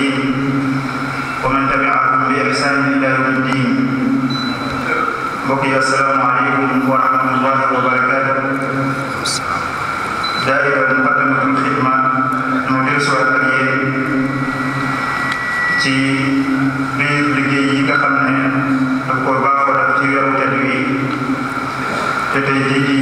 المرسلين ومن تبعهم بإحسان إلى يوم الدين بقي السلام عليكم ورحمة الله وبركاته دائرة مقدمة الخدمة ندرس ak yéen ci biir liggéey yi nga xam ne daf ko baaxoo def ci weeru tedd wi te tey jii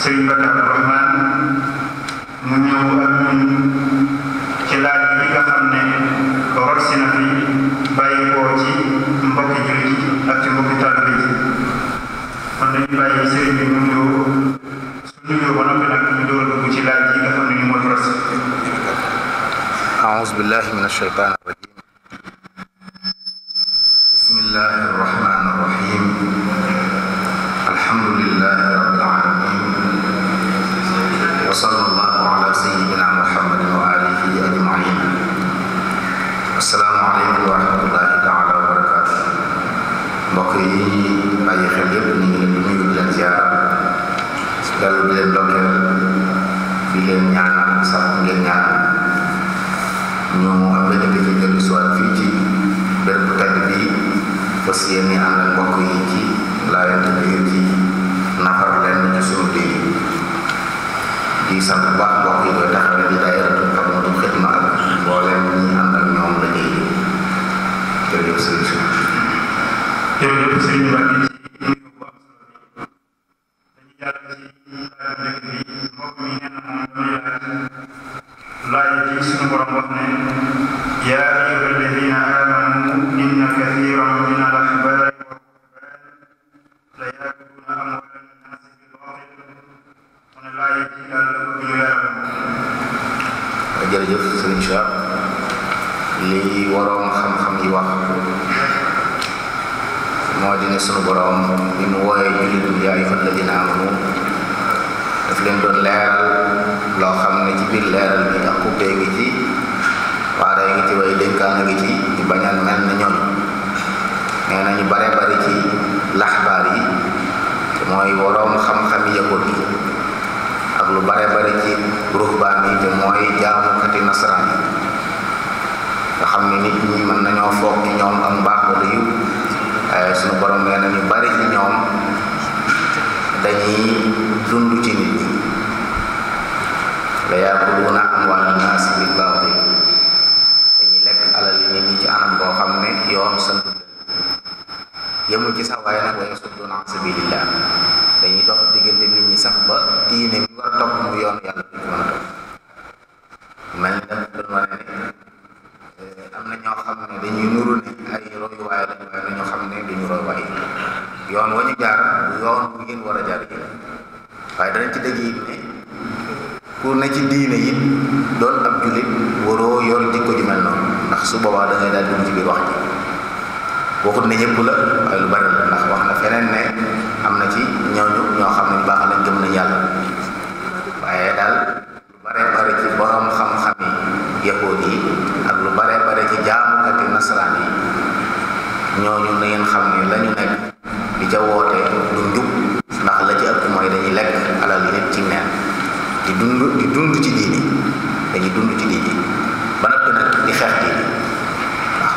Serigne Bada Abdourahmane mu ñëw ak ñun ci laaj bi nga xam na fi bàyyi koo ci mbokki jullit ak ci mbokki taalibe yi kon dañu mu ñëw su ñëw ba noppi door a dugg ci laaj jërëjëf sëñ Mbacke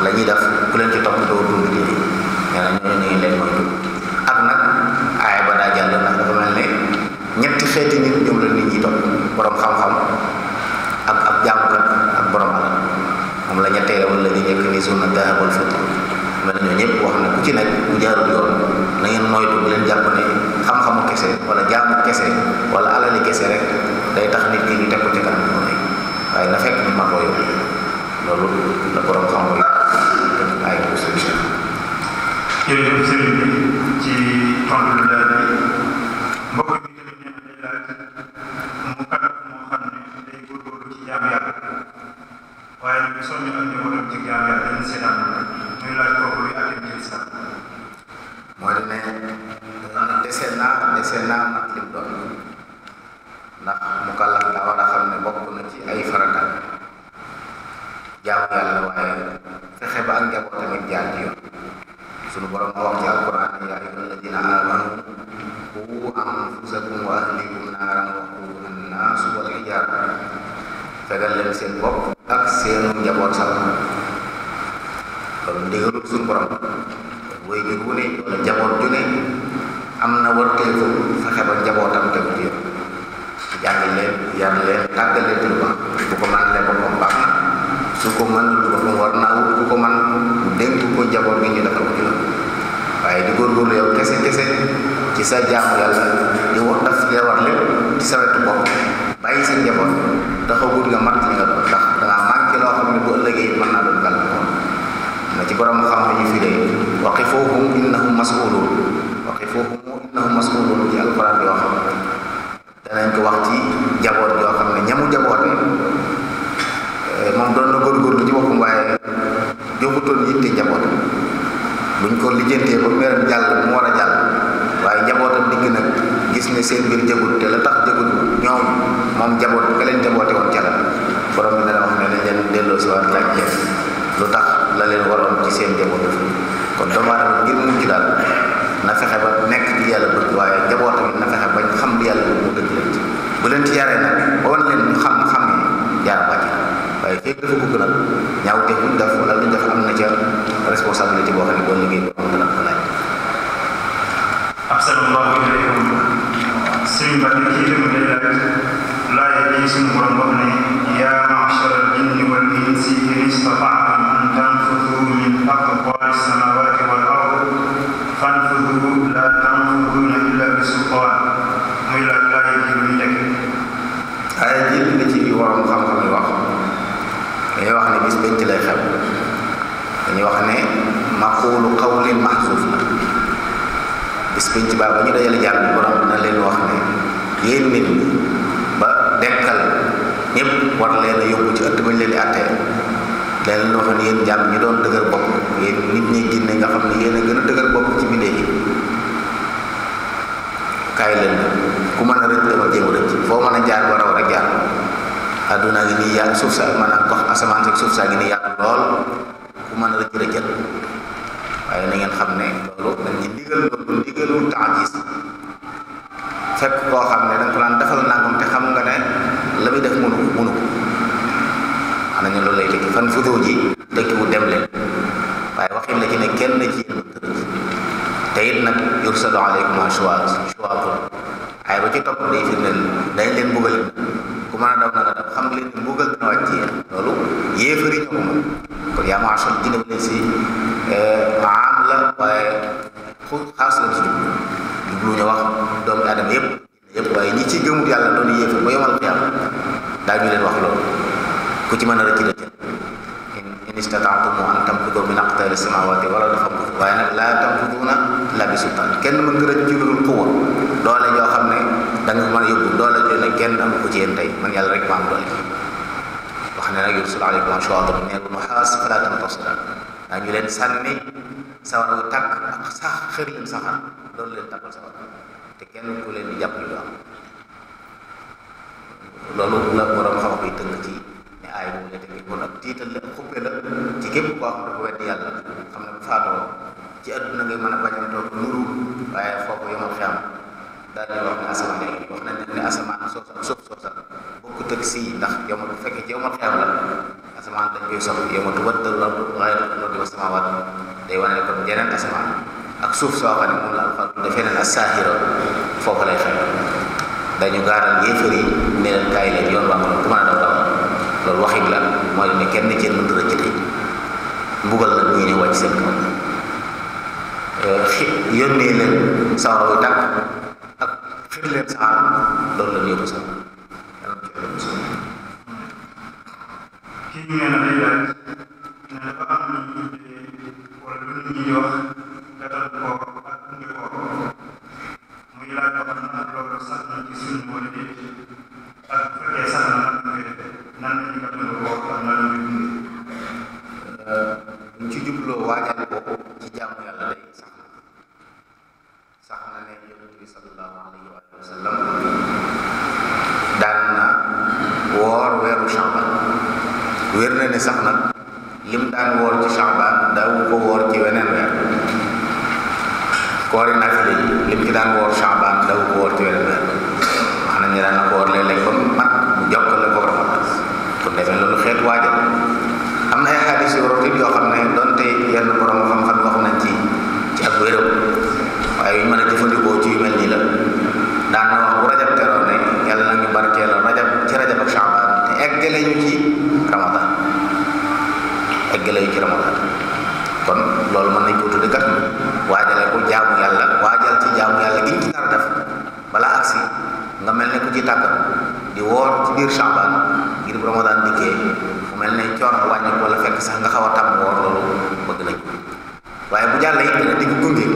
la ñuy def ku leen ci topp doo dund diine nee na ñooñu ñu ngi leen moytu ak nag aaya ba daa jàll ndax dafa mel ne ñetti xeeti nit ñoom la nit ñi topp borom xam-xam ak ab jàngkat ak borom alal moom la ñetteel wala ñu nekk ni sunna dahab mel na ñoo ñëpp wax na ku ci nekk ku jaarul yoon na ngeen moytu leen jàpp ne xam-xamu kese wala jaamu kese wala alali kese rek day tax nit ki ñu teg ko ci kanam waaye na fekk ni ma ko yoon loolu la borom xam ak solution jërëjëf sëriñ bi ci tontu la bi mbokk bi tamit nee na laaj mu kaddu moo xam ne day góorgóorlu ci jaam waaye nag soññ ak njabootam ci jaam yàlla lu tax la leen waroon ci seen njaboot def kon doomu aadama ngir mujj daal na fexe nekk di yàlla bëgg waaye njaboot tamit na fexe bañ xam li yàlla bëgg mu bu leen ci yaree nag ba wan leen ñu xam xam ne jaar bàcc waaye fekk dafa bëgg nag ñaaw te def wala lu def am na ca responsabilité boo xam ne boo liggéey boo dana ko laaj. la mu ne laaj laaj bi suñu تنفذوا من أقطار السماوات والأرض فانفذوا لا تنفذون la laaj yi muy nekk. waaye ci borom xam-xam yi wax dañuy wax ne bis bañ ci lay xew dañuy wax ne maqulu qawlin mahzuf la bis bañ baa ba ñu dajale jàll bi borom leen wax ne yéen nit ba dekkal ñëpp war leen a yóbbu ci ëtt bañ leen di leneen loo wax ne yéen jàmm ñi doon dëgër bopp yéen nit ñi jinne nga xam ne yéen a gën a dëgër bopp ci bindee yi kaay leen ku mën a rëcc dama jéem a rëcc foo mën a jaar ba raw rek jaar àdduna gi nii yàgg suuf saa maanaam gox asamaan ak suuf saa gi nii yàgg lool ku mën a rëcc rëccal waaye na ngeen xam ne loolu dañ ci ndigal loolu ndigalul taajis fekk koo xam ne da nga ko naan defal nangam te xam nga ne la mu def mun ne loolu lay tekki fan futuw ji tekkiwu dem leen waaye waxin la ci ne kenn ci yéen mënta rëcc te it nag yursalu aleykum ashwaat shuwaatun waaye ba ci topp day firndeel dañ leen mbugal ku mën a daw nag a xam leen ne mbugal dina wàcc ci yéen loolu yéefari ñoo ko mën kon yaa maasal dina bu leen si maam eh, la waaye xu xaas la ci jublu jublu ñu wax doomu aadama yëpp yëpp waaye ñi ci gëmut yàlla doon yéefar ba yomal xiyaam daañu leen wax loolu ku ci mën a rëcc rëcc in istataatum an tamkudu min aqtaari samawaati wala dafa mu waaye nag laa tamkuduuna la bi sultaan kenn mën nga rëcc lu quwa doole yoo xam ne da nga mën doole joo ne kenn amu ko ci yéen tey man yàlla rek ma am doole wax ne nag yursul aleykum ashwaatun min naari wa nahaas falaa tamtasiruun daa leen sànni sawar wu ak sax xër leen saxar loolu leen tàkkal sa te kenn ku leen di jàpp ñu do am loolu la borom xam-xam yi ci aay boobu nga dégg kon ak tiital la ak xuppe la ci képp koo xam ne ko weddi yàlla xam ne bu faatoo ci adduna ngay mën a bañ a toog nuru waaye foofu yomal xiyam daal di wax ne asamaan léegi wax nañ ne asamaan soosu ak suuf soosa bokk tëg si ndax yomal bu fekkee ci yomal xiyam la asamaan dañ koy sox yomatu waddal la waaye doo di wa samawaat day wane kon jeneen asamaan ak suuf soo xam ne moom la alxuraan dafee neen assaahira foofu lay xew dañu gaaral yéefar yi ne leen kaay leen yoon waa ko ku mën a loolu waxin la mooy ne kenn ci mënut a rëcc tey mbugal la bu ñu ne wàcc seen kaw yónnee wu tàkk ak xir leen saxaar loolu la ñu kii ñu ne day laaj ne dafa am lu ñu tuddee wala lu nit ñi di wax datal koor ak dundi koor muy laaj wax na loolu sax na ci suñu wala déet ak fekkee sax na nag nan la ñu mën a woo ci jubloo waajal boobu ci jaamu yàlla day sax na ne yonent bi sallallahu na woor weeru Shaban wér na ne sax daan woor ci Shaban daawu ko woor ci weneen weer koori nag li lim ci daan woor Shaban daawu ko woor ci weneen weer wax nañ ne daan waajal am na ay xadis yu yoo xam ne donte yenn borom xam-xam wax nañ ci ci ak wéram waaye yu mën a jëfandikoo ci yu mel nii la daan na wax bu rajab teroon ne yàlla na ñu barkeel rajab ci rajab ak Shaabaan te eggale ñu ci Ramadan eggale ñu ci Ramadan kon loolu mën na ko tudde kat waajale ko jaamu yàlla waajal ci jaamu yàlla giñ ci nar def balaa agsi nga mel ne ku ci tàggat di woor ci biir Shaaban ngir bu Ramadan dikkee fu mel ne coono wàññi wala fekk sax nga xaw a tàmm woor loolu bëgg nañ waaye bu jàllee it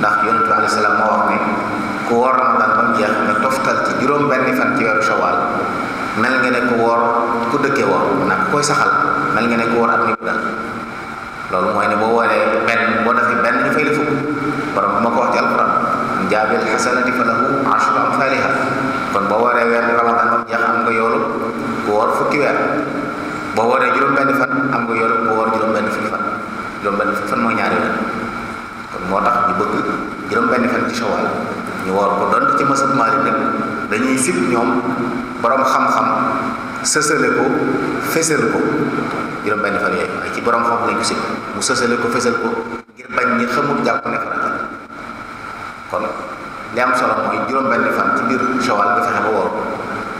ndax yonent bi alayhi salaam moo ku woor Ramadan ba mu fan ci weeru Shawwal mel nga ne ku woor ku dëkkee woor nag koy saxal mel nga ne ku dal loolu mooy ne boo wooree benn boo defee benn ñu fay fukk borom bu ma ko wax ci alquran jaabil xasanati fa lahu ashru amthaliha kon boo waree weer ramadan ba jeex am nga yoolu ku woor fukki weer boo waree juróom-benn fan am nga yoolu ku woor juróom-benn fukki fan juróom-benn fan mooy ñaari weer kon moo tax ñu bëgg juróom-benn fan ci shawal ñu woor ko doon ci masab Maalik nag dañuy sib ñoom borom xam-xam sësale ko fësal ko juróom-benn fan yooyu waaye ci borom xam lañu sib mu sësale ko fësal ko ngir bañ ñi xamul jàpp ne kon li am solo mooy juróom-benn fan ci biir Shawal nga fexe ba woor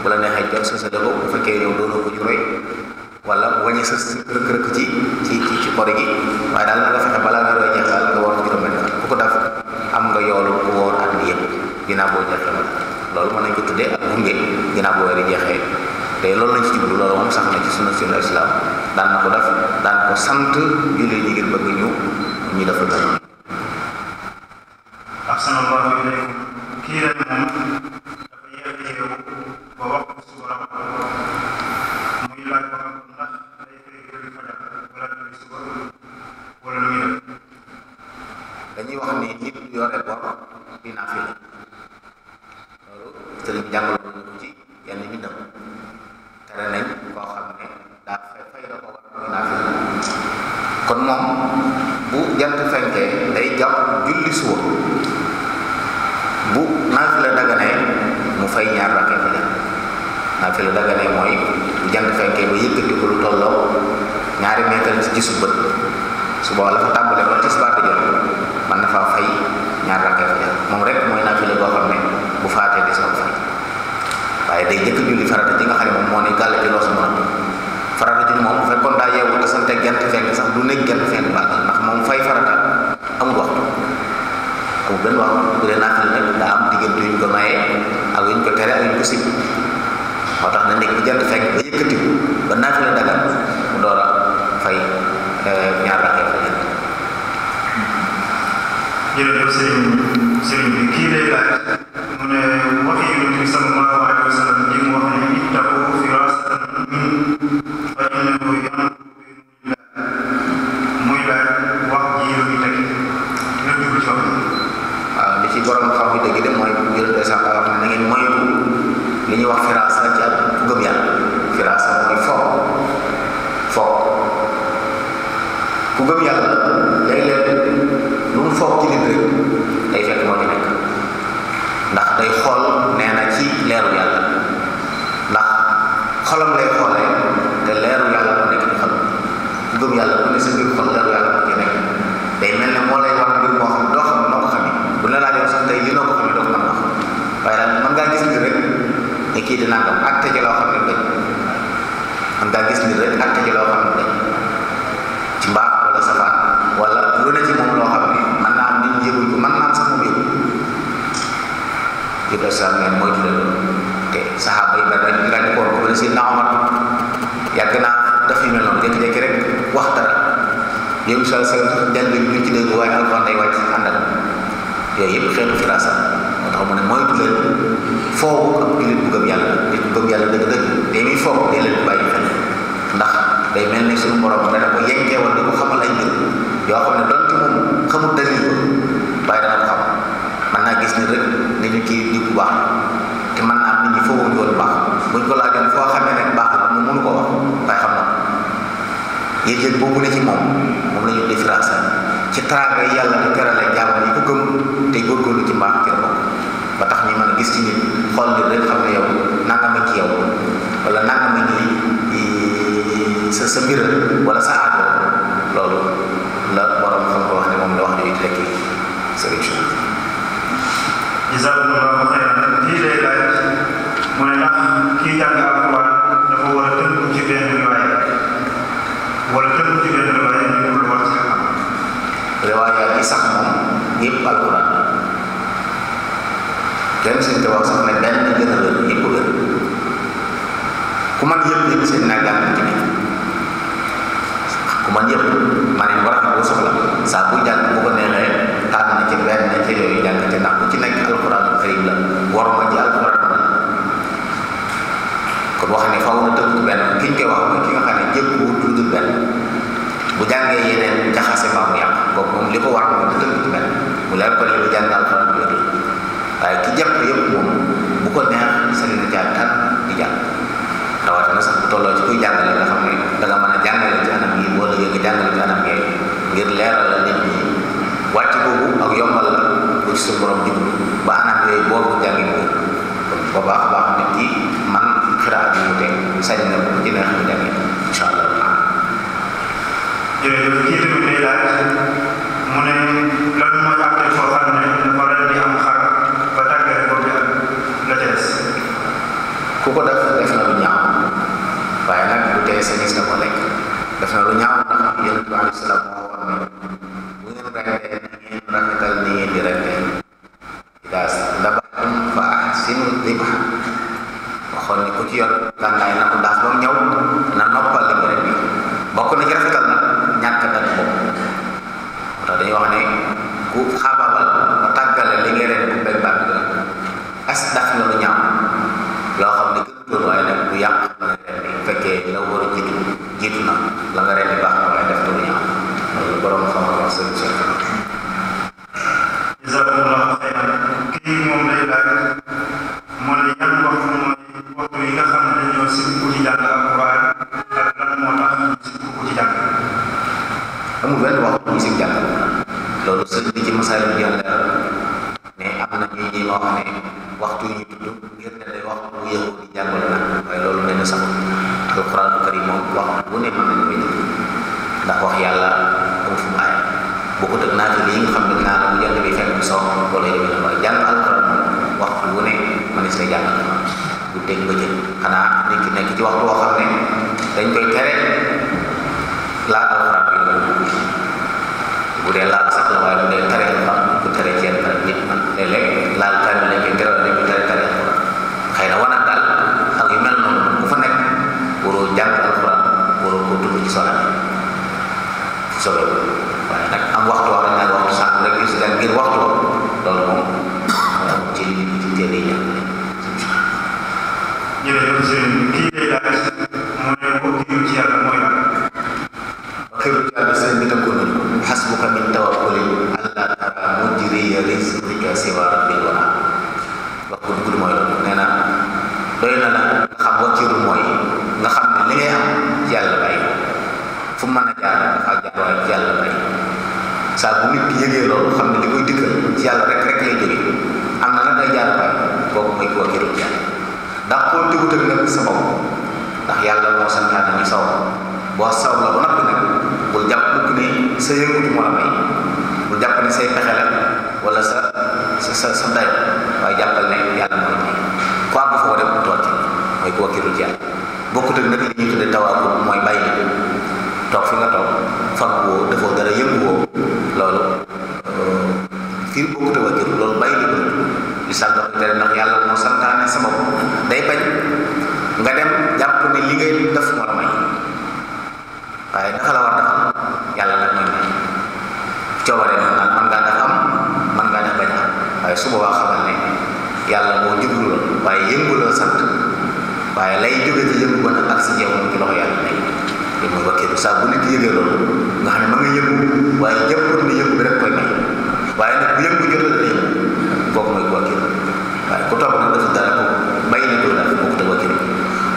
bu la neexee jot sa sa dëkk bu fekkee yow doonoo ko juróoy wala wañe sa rëkk-rëkk ci ci ci ci kori gi waaye daal na nga fexe balaa nga doon jeexal nga woor juróom-benn fan ko def am nga yoolu ku woor at bi yëpp boo jeexee loolu ma nañ ko tuddee ak gunge ginnaaw boo weer jeexee te loolu lañ ci jublu loolu moom sax na ci sunu sunu islam daan na ko def daan ko sant jullit ñi bëgg ñu ñu defal gën waaw bu dee naafila nag daa am diggante yu ñu ko mayee ak ñu ko tere ak ñu ko sib moo tax na nekk bu jant fekk ba yëkkatiku ba naafila dagal mu door a fay euh, ñaar rakkee fa jënd jërëjëf sëriñ sëriñ kii lay laaj mu ne waxi yonent bi sallallahu alayhi wa sallam ji mu wax ne kii di nangam acte ci loo xam ne bañ man ngaa gis nit rek acte ci loo xam ne bañ ci mbaax wala safaan wala lu ne ci moom loo xam ne mën naa am nit yëgul ko mën naa am sama biir yi ba dañ nga rek wax dara yow sal sal jàng bi ñu ci dégg waaye alxuraan day wàcc àndal yooyu yëpp xeetu firasa taxaw mu ne moytu leen foofu ak yàlla nit bu gëm yàlla dëgg-dëgg day muy foofu day leen bàyyi ndax day mel ni suñu borom dana ko yeggee yoo xam ne donte moom xamul dalil ko waaye dana ko xam mën naa gis ni rek ni ñu bu baax te mën am nit ñi foo wuñ woon foo xamee rek baax la mu mënu ko wax waaye xam na yëg-yëg boobu ne ci moom moom la ñu différence ci teraanga yàlla di terale jaam yi ko gëm te góorgóorlu ci mbaax ci la ba tax ñu mën a gis ci nit xool nit rek xam ne yow nangama ci yow wala nangama ci sa sa mbir wala sa aajo loolu la borom xam ko wax ne moom la wax ne it rek sëriñ si jazakumullahu xayran lii lay laaj mooy ndax kii jàng alquran dafa war a tënku ci benn riwaaya wala tënku ci benn riwaaya ñu war ci xam riwaaya yi sax moom yëpp alquran dem sëñ Tuubaa sax ne benn bi gën a ko wér ku man yëpp yëpp sëñ naa gàtt ci biir ku man yëpp ma ne war na ko soxla saa bu jàng bu ko neexee tànn na ci benn na ci yooyu ci ndax ku ci nekk alxuraan karim la war ma ci alxuraan man kon wax ne faw na tënk benn ki koy wax mooy ki nga xam ne jëkk wu dund benn bu jàngee yeneen jaxase maam yàq boobu moom li ko war mooy tënk benn mu leer ko ne jàng alxuraan waaye ki jàpp yëpp moom bu ko neex seen na jaar tan di jàpp rawatina sax tolloo ci kuy jàngale nga xam ne danga mën a jàngale ci ngir leeral la nit ñi wàcc boobu ak yombal la bu ci suñu borom jublu ba anam yooyu boo ko jàngi mooy baax a baax nit yi man xiraat yi mu teg sañ na bu ci mu jàngi kii tamit day mooy àtte for reyee sa gis nga ko lekk def na lu ñaaw ndax yonent bi alayhi salaam moo wax ne bu ngeen reyee na ngeen rafetal ni ngeen di rek misaalum yàlla ne am na ñuy ñuy wax ne waxtu ñu tudd ngir ne day wax bu yëngu di jàngal na waaye loolu nee na sax alxuraanu karim moom wax ne mën nañu koy def ndax wax yàlla amul fu ak la bu na ki nekk ci waxtu boo xam ne dañ koy tere laal bu dee laal sax la waaye bu ci solo ci solo waaye nag am waxtu wala ñaari waxtu sànq rek gis nga ngir waxtu loolu moom ci ci teel yi ñëw. jërëjëf sëñ kii lay laaj mu ne wakiilu ci yàlla mooy lan. wakiilu ci yàlla sëñ bi tënku nañu xasbuka min tawakkuli alla tara mujriya rizqika siwa rabbil wara wakkul gudd mooy loolu nee na doy na la xam wakiilu mooy. fu man a jaar dafaa jaar waaye ci yàlla rek saa bu nit ki yëgee loolu xam ne li koy dikkal ci yàlla rek rek lay am na nag ay jaar waaye kooku koo ndax koo déglu tamit nag sa bopp ndax yàlla moo santaane saw boo sa yëngutu moo la may bul jàpp ne say pexe la wala sa sa sa day ko mooy koo gërëm toog fi nga toog fàggu woo defoo dara yëngu woo loolu fii euh, bokku te wajur loolu bàyyi li li sàgg ko tere moo santaane sabab day bañ dem jàpp ne li ngay def moo la may waaye naka la war moo jublu la waaye sant waaye lay jóge ci yëngu ba nag ak si jeexoon ci loxo yàlla may wakkiilu mooy wakkiilu saa bu nit yëgee loolu nga xam ne ma nga yëngu waaye jàppul ne yëngu bi rek koy may waaye nag bu yëngu jot la waaye ku toog nag dafa dara ko may na doon ak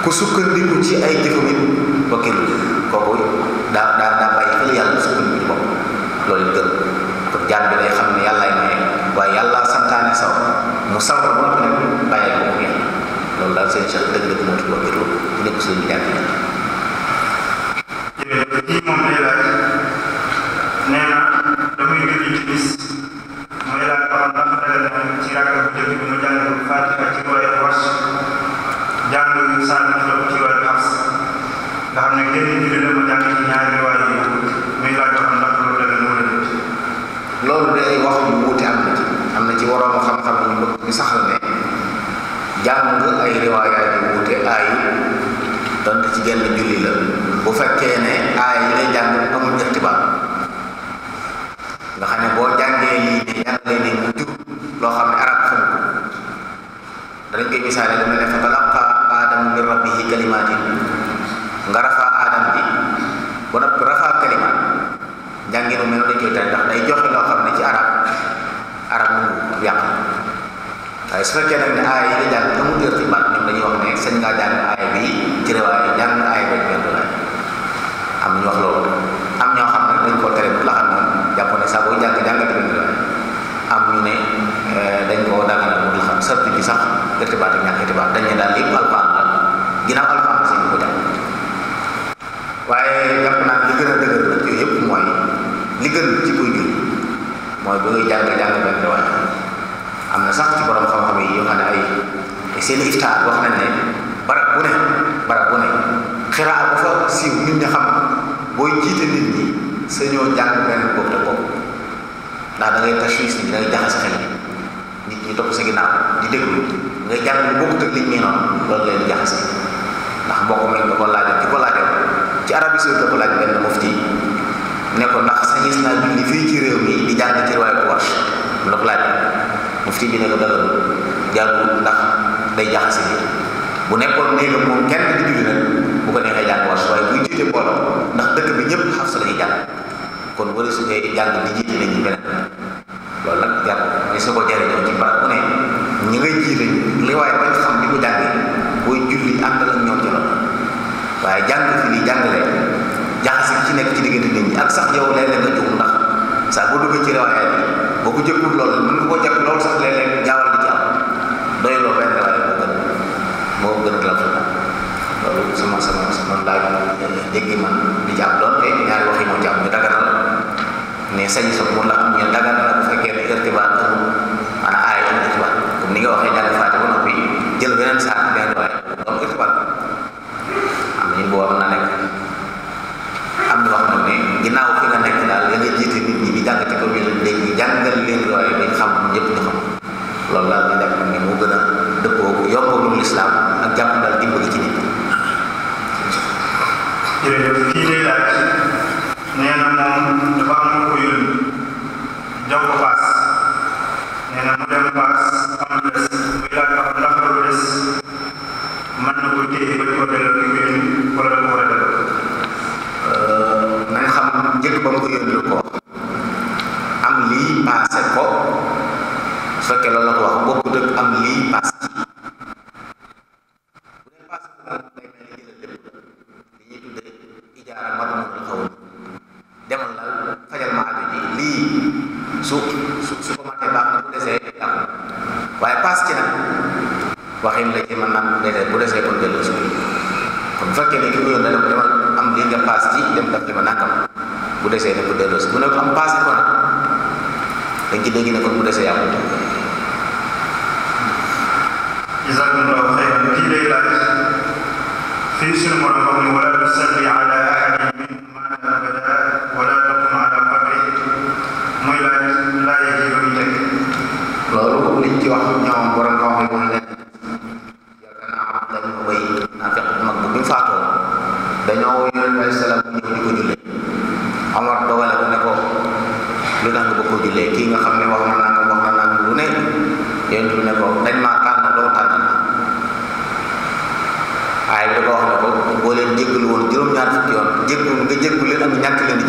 bokkut ak ci ay jëfam it wakkiilu kooku daa daa daa bàyyi fële yàlla sukkandiku bi day xam ne yàllaay maye waaye yàlla santaane saw mu saw ba mu ne bàyyi ko mu yàlla loolu daal seen cheikh dëgg-dëgg moo tudd wakkiilu ci nekk suñu jàng donte ci genn julli la bu fekkee ne aay yi lay jàng amul irtibaat nga xam ne boo jàngee lii ne yàlla ne mu jur loo xam ne arab xamu ko danañ koy misaale dama ne fa talaqa aadamu min rabbihi kalimaatin nga rafa aadam bi ba noppi rafa kalimaat njànginu mel dañ koy tere ndax day joxe loo xam ne ci arab arab mu yàq waaye su fekkee nag ne aay yi lay jàng amul irtibaat ñoom dañuy wax ne sañ ngaa jàng ñuy wax loolu am ñoo xam ne dañ koo tere bu laxat moom jàpp am ñu ne euh, dañ koo daganal bu laxat bi sax irtibaat ak ñàkk irtibaat dañ ne daal lépp alpaan la ginnaaw waaye jàpp naa li gën a dëgër nag yooyu yëpp mooy li gën ci kuy jur mooy bu ngay jàng jàng benn waay am na sax ci borom xam-xam yi yoo xam ne ay seen iftaar wax nañ ne barab bu ne barab bu ne xiraa bu fa siiw nit ñi xam booy jiite nit ñi sañoo jàng benn bopp te ndax da ngay tashwiis nit ñi da ngay jaxas xel nit ñi topp sa ginnaaw di déglu ngay jàng lu bokkut ak liñ ñuy noonu loolu leen jaxas ndax mbokk lañ nga ko laajal di ko laajal ci Arabie Saoudite la ko laaj benn mufti ne ko ndax sañis naa julli fii ci réew mi di jàng ci riwaayu Warsh mu la ko laaj bi ne ko dara jàngul ndax day jaxase bi bu nekkoon néegam moom kenn di julli nag bu ko neexee jàng Warsh waaye jiite mbooloo ndax dëkk bi ñëpp xafsa lañuy jàng kon wala su ngay jàng di jiite nañ ci beneen loolu nag jar ni su ko jariñoo ci barab bu ne ñi ngay jiite li waaye bañ xam di ko jàngee booy julli ànd ak ñoom ci loolu waaye jàng fi nii jàngale jaxase ci nekk ci diggante nit ñi ak sax yow léeg-léeg nga jóg ndax saa boo duggee ci riwaay bi boo ko jëkkul loolu mën nga koo jàpp loolu sax léeg-léeg jaawal di ci moo gën moo gën man daal dégg man di jàpp lool te ñaari wax yi moo jàpp ñu daganal ne sañ sa mu la am ñu dagan na bu fekkee ne irtibaat amul maanaam aay am irtibaat comme ni nga waxee jàng faate ba noppi jël beneen saak beneen waaye am irtibaat am nañu boo am na nekk am na wax nag ne ginnaaw fi nga nekk daal da nga jiite nit ñi di jàng ci commune bi dañuy jàngal leen waaye dañ xam ñëpp ñu xam loolu daal di def ne mu gën a dëppoo yokk lu lislaam ak jàpp daal dimbali ci nit jërëjëf kii day nee na moom dafa am lu ko yónni paas nee na mu dem paas am lu des muy laaj ba xam mën na ko téye ba ko delloo ki ko yónni wala da ko war a xam njëkk ba mu ko yónni ko am lii paase ko su fekkee loolu la ko wax bokku dëkk am lii paase lii la ne ko demal am lii nga paas ci dem daf li ma nàkkam bu desee ne ko delloosi bu ne ko am paas ko nag dañ ci dégg ne kon bu desee yàqu jazakumullahu xayran kii day laaj fii suñu borom wax ni wala tusalli ala ahadin minhum maata abada wala taqum ala qabri muy laaj laaj yi loolu liñ ci wax ñoom borom xam-xam dañoo woo yonent bi a salaam ñëw di ko jullee Omar dogale ko ne lu tax nga bëgg jullee kii nga xam ne wax na nangam wax na nangam lu ne yonent bi maa tànn doo tànn waaye da ko wax ne ko boo leen jéggalu woon juróom-ñaar fukki yoon jéggalu nga jéggalu leen ak ñàkk leen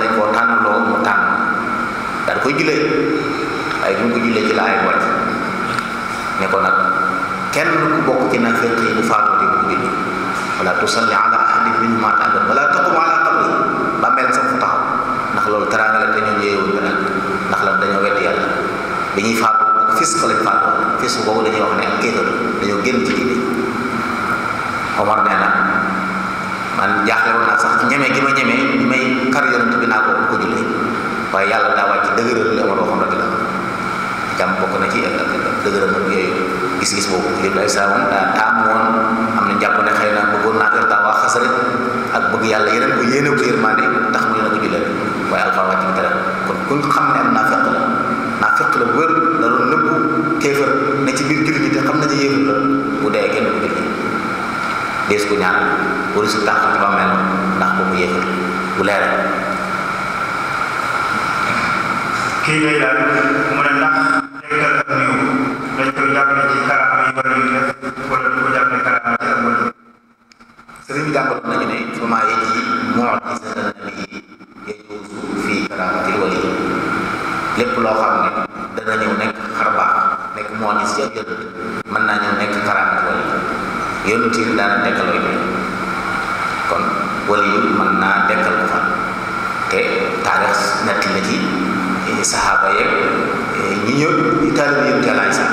dañ koo tànn mu tànn daal koy jullee waaye bi mu ko jullee ci laay wàcc ne ko nag kenn ku bokk ci naafeq yi bu faatoo di ko génn wala tusalli ala ahadin minhum abadan wala ndax la dañoo yéewu bi ñuy faatoo ak fisq lañ faatoo fisq boobu dañuy wax ne ak kéefar dañoo génn ci diine Omar nee na man jaaxle woon naa sax ñeme bi naa ko yàlla daa gis-gis boobu ngir day saa woon daa euh, woon am na jàpp ne xëy na bëggoon naa gën daa ak bëgg yàlla yeneen ko yéene ko yërmaande tax mu ne ko jullee waaye alxawaat yi xam ne am naa fekk la naa fekk la wër la doon nëbbu kéefër ne ci biir jullit ñi te xam na ne yéefër la bu dee kenn bu jullit dees ko ñaan wala su tànk ci bàmmeel ndax boobu yéefër bu leer kii ngay daal wala wala du ko jàppale kalaama ci ak wàllu sëriñ bi jàngal nañu ne yi moo di sa nabii yajuusu fii lépp loo xam ne dana ñëw nekk xarbaax nekk moo di sa yëngu mën naa ñëw nekk karaamatil wali yonent daana dekkal wali kon wali yu mën naa dekkal ko fa te taarix nett la ci saxaaba yeeg eh, ñi ñëw taalibe yi yëpp sax.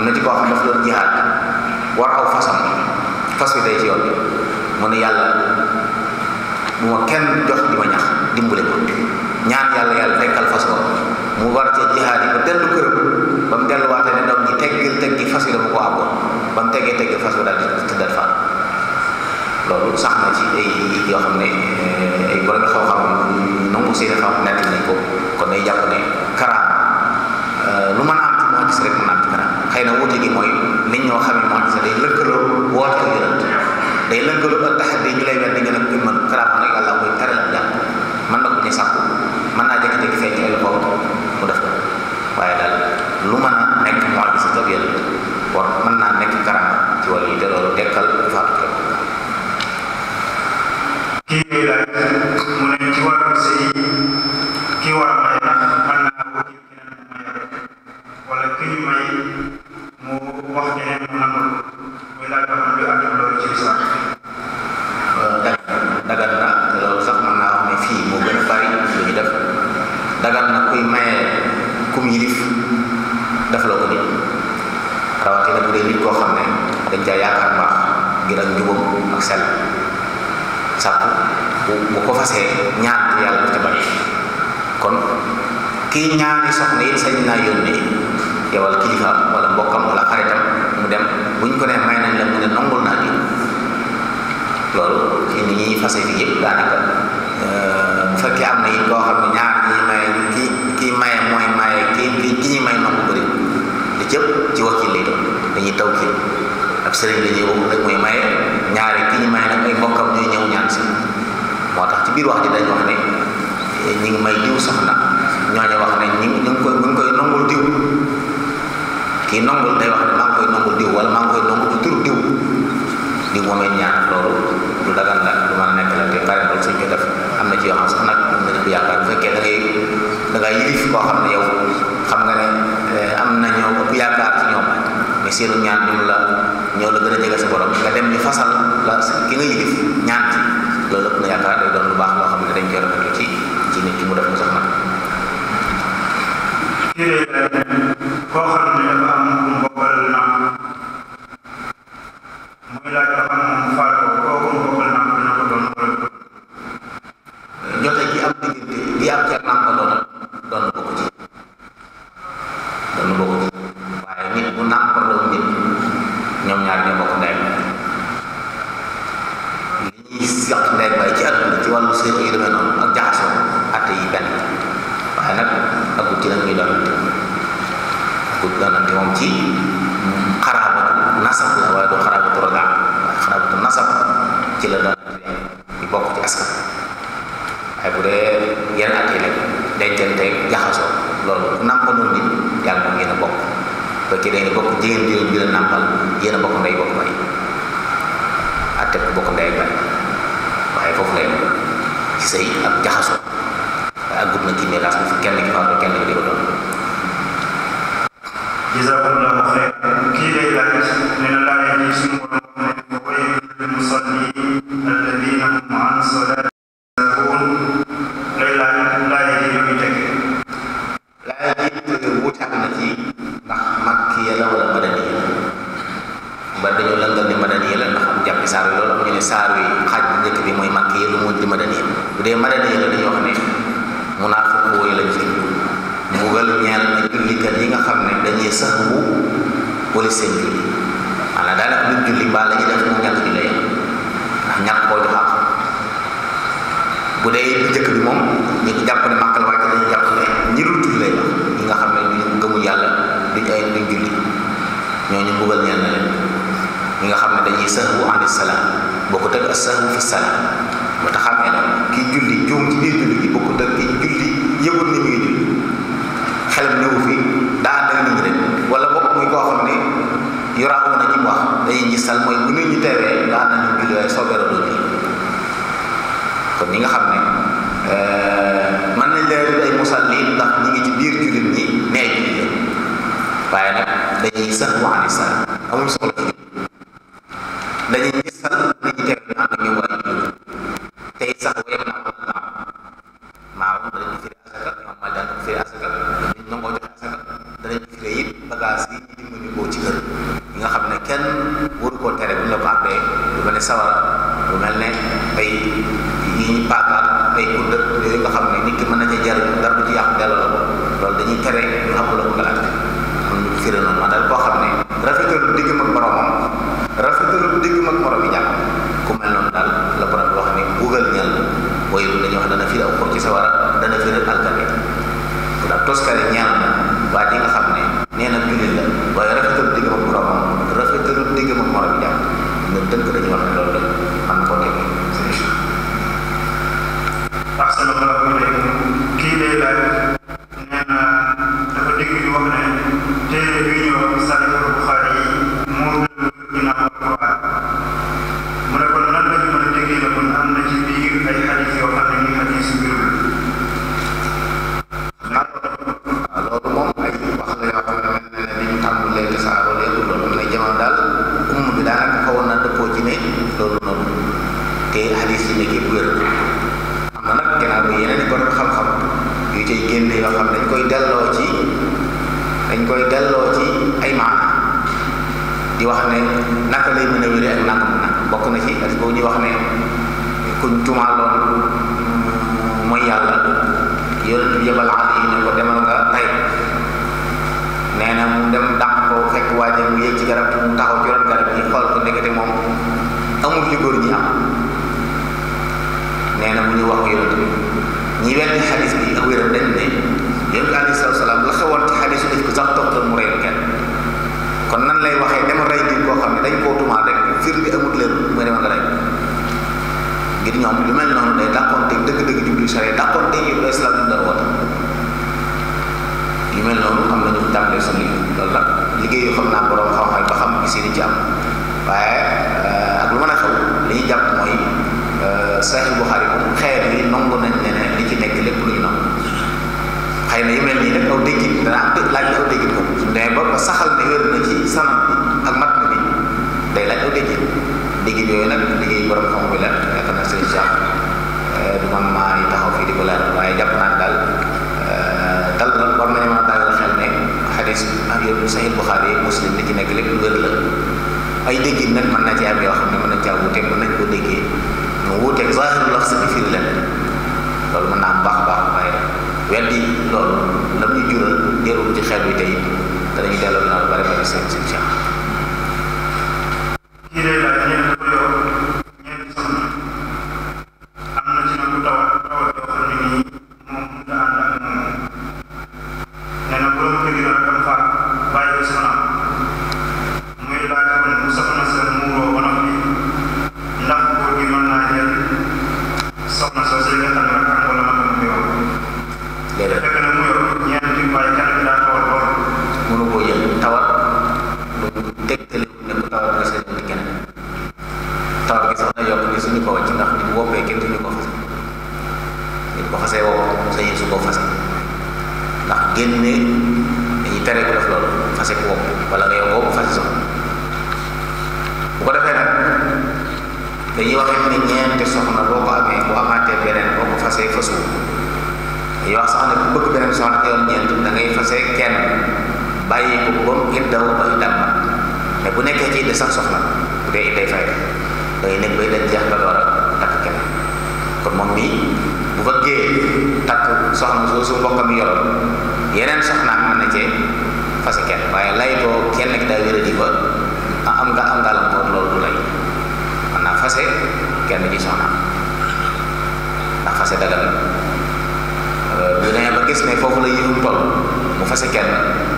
am na ci koo xam ne dafa doon jihaat aw fasam fas wi ci yoon mu ne yàlla bu kenn jox di ma ñax yàlla yàlla tekkal fas mu war ca jihaat yi ba dellu këram ba mu delluwaatee ne doom ji teggil teggi fas wi dafa ko àbboon ba mu teggee teggi fas wi daal di tëddal sax na ci ay yoo xam ne eh, ay seen xam nekk nañ ko kon day jàpp ne karaama eh, lu ma a am ci moo gis rek xëy na wuute gi mooy nit ñoo xam ne moom sax day lëkkaloo woote ak day lëkkaloo ak taxat bi ñu lay wet di gën a ñu mën xalaat nag yàlla muy tere la jàpp na ko ñu sàkku mën naa jékki-jékki fekk ay boobu mu waaye daal lu mën a nekk moo gis ak yonent kon mën naa nekk karaama ci wàll yi te loolu dekkal faatu kii mënul ñàkk loolu lu dagan nag lu mën a nekk la te bari loolu suñ ko def am na ci yoo xam sax nag am na lu yaakaar bu fekkee da yilif koo xam ne yow xam nga ne eh, am na ñoo ëpp yaakaar ci ñoom mais seenu ñaan ñoom la ñoo la gën a jege sa borom nga dem ñu fasal la ki nga yilif ñaan ci loolu ëpp na yaakaar day doon lu baax loo xam ne dañ koy rafetlu ci ci nit ki mu def mu sax nag kon ñi nga xam ne euh, mën nañ leen di ay musallin ndax ñi ngi ci biir jullit ñi nee jullit waaye nag dañuy sax waxani sax amul soxla dañuy ci sawara dana fëral alkane bu daa toskare ñaal waa ji nga sore d'accord day yëpp islam lañ doon woote yu mel noonu am nañu tàmbalee suñu loolu nag liggéey yoo xam naa borom xam-xam ba xam gis ni ci am waaye euh, ak lu mën a xew li ñu jàpp mooy euh, Sahih Bukhari moom xeet yi nangu nañ ne ne li ci nekk lépp lu ñu nangu xëy na yu mel nii nag aw déggit danaa am laaj aw déggit ko su demee ba ba saxal ne wér na ci sanam bi ak mat na bi day laaj aw déggit déggit yooyu nag liggéey borom xam bi la nekk na seen genre du man maa ngi fii di ko laaj waaye jàpp naa daal euh, dal na war nañu maa bàyyi xel ne xadis ak yow Sahih Bukhari Muslim li ci nekk lépp wér la ay déggin nag man na ci am yoo xam ne mën nañ caa wuute mën nañ ko déggee mu wuuteeg zahir lafz bi firi leen loolu mën naa am baax baax waaye weddi loolu lam ñu jural déerul ci xel bi tey danañu delloo ginnaaw lu bari bari seen seen gis ne foofu la yiw toll mu fase kenn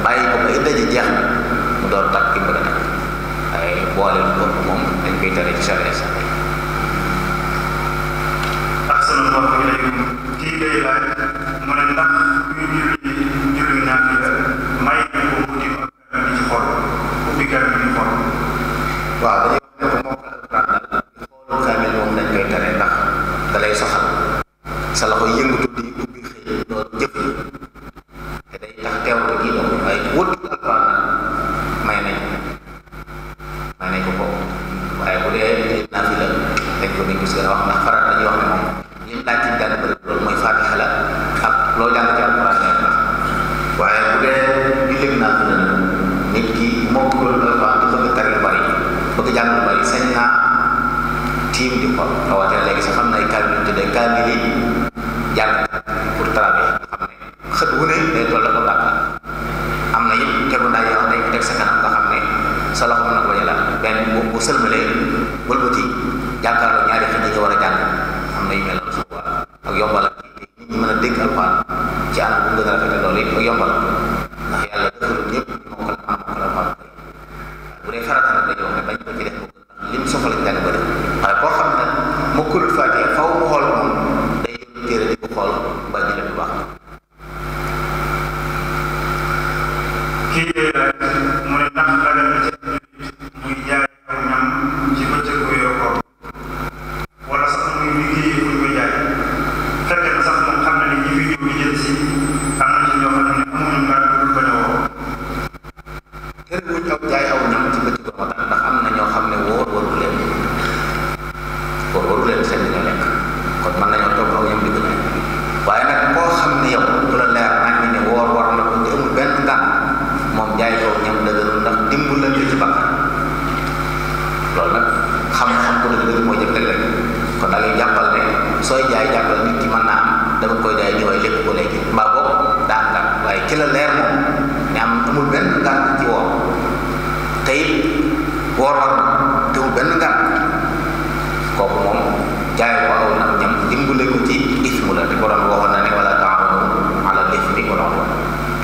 bàyyi ko bay daje jeex na mu door takk ki mu bëgg a takk waaye boole lu ko moom dañ koy tere ci charia sax jëkk ko léegi mbaa boog daa waaye ci leer moom ne amul benn gàtt ci woor te it woor moom jaay ko aw nag ñam dimbale ko ci ismu la te borom waxoon na ne wala taawanu ala ismi wala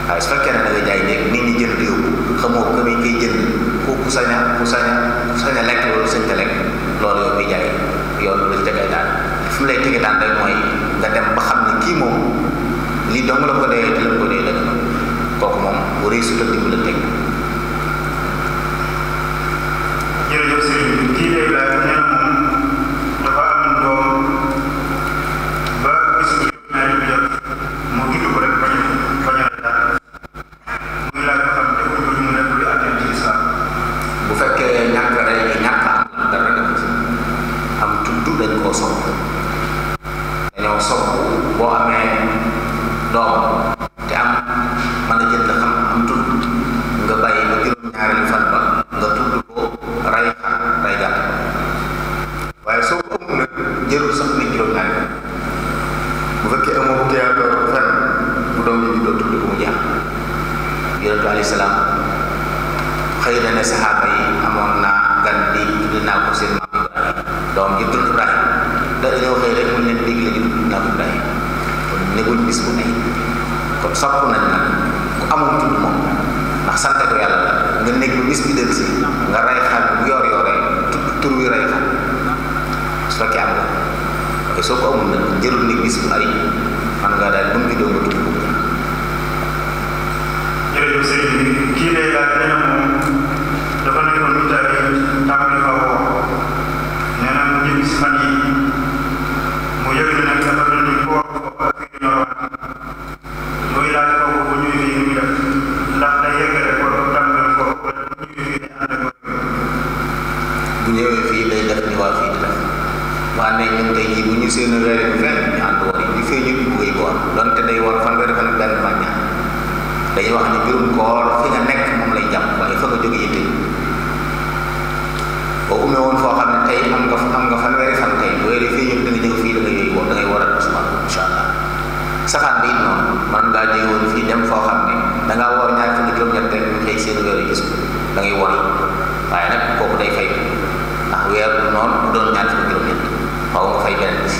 waaye su fekkee ne da nga jaay léegi nit ñi jënd yóbbu xamoo ko mi koy jënd ku ku sañ ku sañ ku sañ lekk loolu sañ lekk loolu yow mi jaay yow lu la daan fi mu lay tege daan rek mooy nga dem ba xam ne kii moom lii dong la ko dee lii ko dee la dana kooku moom bu rëy su tëdd teg na. jërëjëf sëriñ kii lay laaj nee na moom dañuy wax ne mbirum koor fi nga nekk moom lay jàpp waaye fa nga jógee itte boo umee woon foo xam ne tey am nga am nga fanweeri fan tey weeri fii ñun nga a saxaat bi man ngaa jóge woon fii dem foo xam ne da ngaa woor ñaar fukki juróom-ñett rek ñu seen weer gis da ngay woor kooku day fay ndax weer doon ñaar fukki juróom-ñett xaw nga fay beneen bis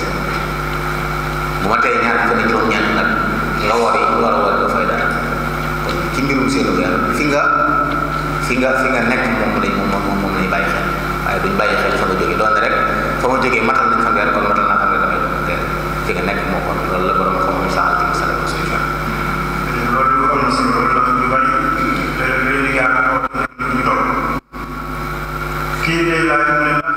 bu ma tey ñaar fukki juróom-ñett nag nga woor yi war a dul seenu weer fi fi nga fi nga nekk moom lañ moom moom moom lañ bàyyi xel waaye fa nga jógee doon rek fa ma jógee matal nañ xam weer kon matal naa xam ne damay teel fi nga nekk moo ko loolu la borom xam ne saxal ci misal ko suñu fan. loolu lu am si loolu la ñu bari te léegi yaakaar naa ñu toll kii day laaj mu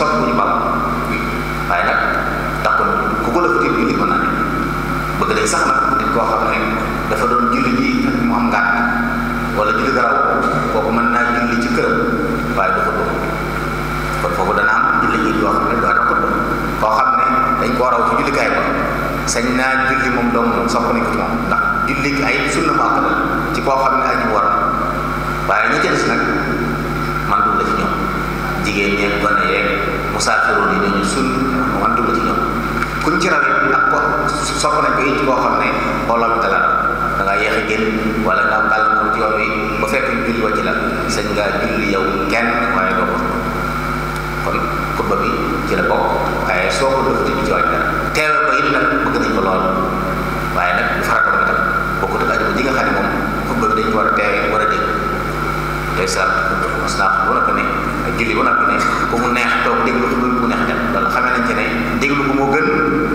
soppi ñu bal waaye nag ko def tuuti ñu ko naan bëgg day sax nag nit koo xam dafa doon julli ji mu am ngànt wala julli garaaw kooku mën naa julli ci këram waaye du ko doon kon foofu dana am julli ji yoo ko koo xam ne dañ ko raw ci jullikaay ba sañ naa julli moom doom moom soppi nañ ko ci moom ndax julli ay sunna ma ko ci koo xam ne ay ñu war waaye ñi jël si nag man du la ci ñoom jigéen ñeeg musaafiroon yi dañuy suñ man dugg ci ñoom kuñ ci raw rek ak ko sopp nañ ko it boo xam ne mbooloo mi dala da ngaa yéex a génn wala nga am gàllankoor ci yoon wi ba fekk julli wa ci la sañ nga julli yow kenn waaye doo ko kon xutba bi ci la bokk waaye soo ko def ci waaj dara teewe ko it nag bëgg nañ ko lool waaye nag du farata la tam bokkut ak ajuma ji nga xam ne moom xutba bi dañ ko war a teewe war a dégg tey sax mas naa xam wala ko ne julli ba noppi ne ku mu neex toog déglu ko bu neex dem loolu xamee nañ ci ne déglu ko moo gën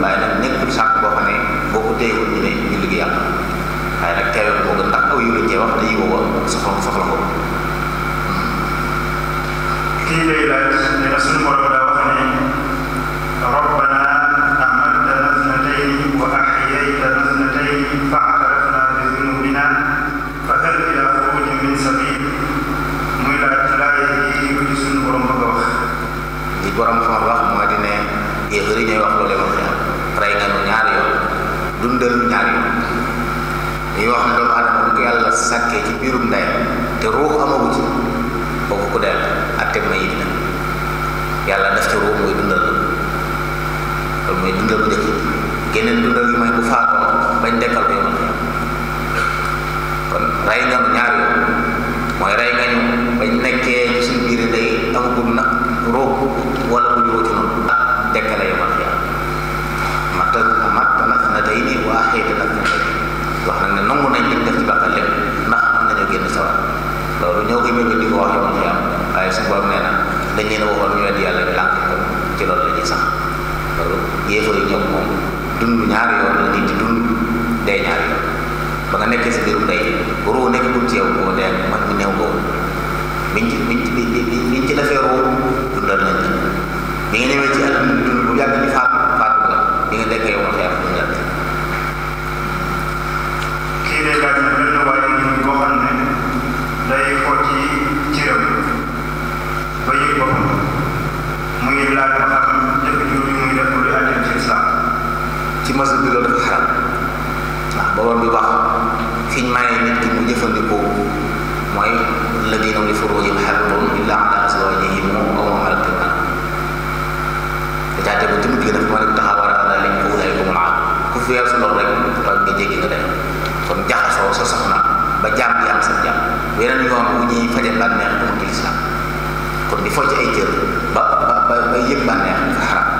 waaye nag nekkul sànq boo xam ne boo ko téyewul ñu ne ñu liggéey yàlla waaye nag gën ndax aw yu lañ cee wax te yiwoo ko soxla ko soxla ko kii lay na suñu borom daa wax ne rabbana borom xam wax moo di ne yéefar yi ñooy wax loolu moom rey nga nu ñaari yoon nu ñaari yoon def ci ruux mooy dundal loolu mooy dundal bu nu ñaari yoon mooy rey nga ñu bañ nekkee ci suñu biir ndey amagul roog wala buyuutin ah dekkale yomal xiyaam mattal na mattal na sanatayni wa axeetanaa sanatayni na ne nangu nañ liñ def ci bàkkaar lépp ndax am nañu génn sawar loolu ñoo koy mébét na dañ leen a waxoon yàlla ñu ci loolu la ñuy sax loolu yéefar yi ñoom moom dund ñaari yoon la nit di dund dee ba nga nekkee si biirum ndey bu ci yow boo dee mag mi néew boobu miñ ci miñ ci bi bi nga demee ci àdduna bi dund bu yàgg di faatu faatu la bi nga dekkee yow xeex bu yàgg kii de laaj na benn waay yi koo xam ne day ko ci ciram ba yëg boppam mu ngi laaj ba xam jëkk jur yi muy def lu àjjal ci islam ci masal bi loolu dafa xaram ndax borom bi wax fi ñu mayee nit ki mu jëfandikoo mooy la diinam li furuujihim xarrun illa ala azwaajihim jaate ba ci mujj gi dafa mën a taxawal naa leen ko wulaay ko mu laal ku fi weer sa ndox rek tooñ nga jéggi nga def kon jaxasoo sa soxna ba jàmm bi am sa jàmm yeneen yoon bu ñuy faje bànneex bu mu lislaam kon di focc ay cër ba ba ba yëg bànneex dafa xaram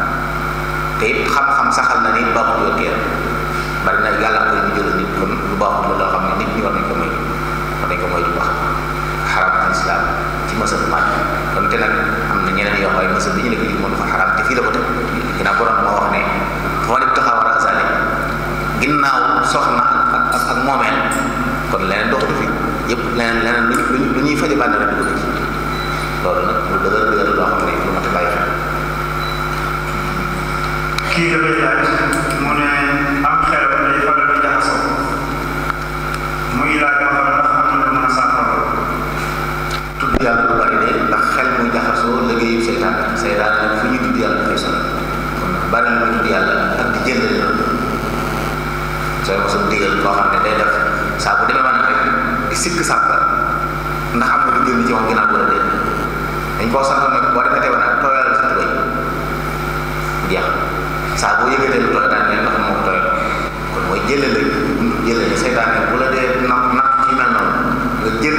te it xam sa saxal na nit baaxul yoo teel bari na gàllankoor ñu jël nit kon lu baaxul loo xam ne nit ñi ko moy war nañ te nag na ñeneen yoo xam ne parce que bi ñu nekk lii moom dafa xaraam te fii la ko teg ginnaaw borom moo wax ne xooli taxaw war a asale ginnaaw soxna ak ak ak moomeel kon leneen fi yëpp leneen leneen lu ñuy lu ñuy faje bànn rek loolu nag lu dëgër dëgër loo xam ne lu mat a bàyyi xel. kii dafay laaj mu ne. say laaj nag fu ñuy tudd yàlla koy sonn bari na lu yàlla ak di jënd loolu sooy mos a digal koo xam ne day def saa bu rek lu dañ koo sant nag boo defee ko tooyal kon mooy jëlale buntu jëlale seytaane bu la waaye nag bari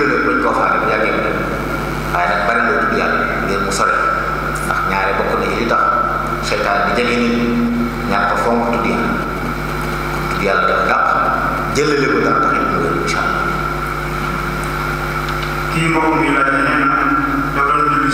na lu yàlla jege nit ñàkk fonk tudd yàlla tudd yàlla dafa dàq jëlale ko dàq rek mu wér incha allah. kii mbokk mi laaj nee na da doon julli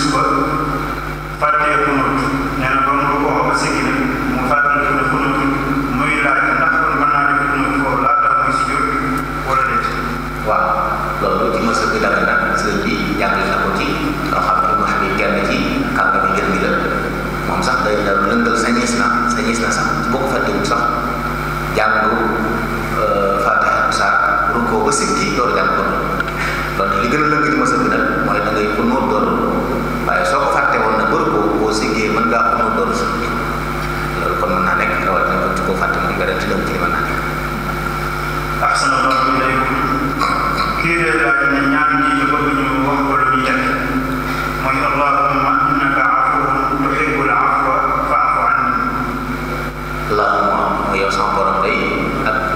gis na sax boo ko fàttewul sax jàng euh, Fatiha ak saar rukkoo ba siggi loolu jàng ko loolu li gën a lëkk ci ma sëgg nag mooy da ngay ko noot soo ko fàtte woon nag ba rukkoo boo siggee mën ngaa kon mën naa nekk rawatina ko ci koo fàtte mu nga dem ci lëw ci li mën naa na ñaan ji ñu bëgg ñu wax wala ñu jàng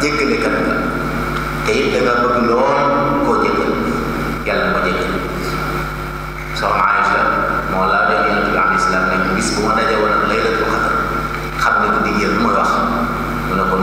jéggalekat la te it da nga bëgg lool koo jéggal yàlla ko jéggal soxna Aïcha moo laa dee yonent bi alayhi salaam ne bis bu ma daje woon ak laylatul xadar xam ne ko diggéel lu muy wax mu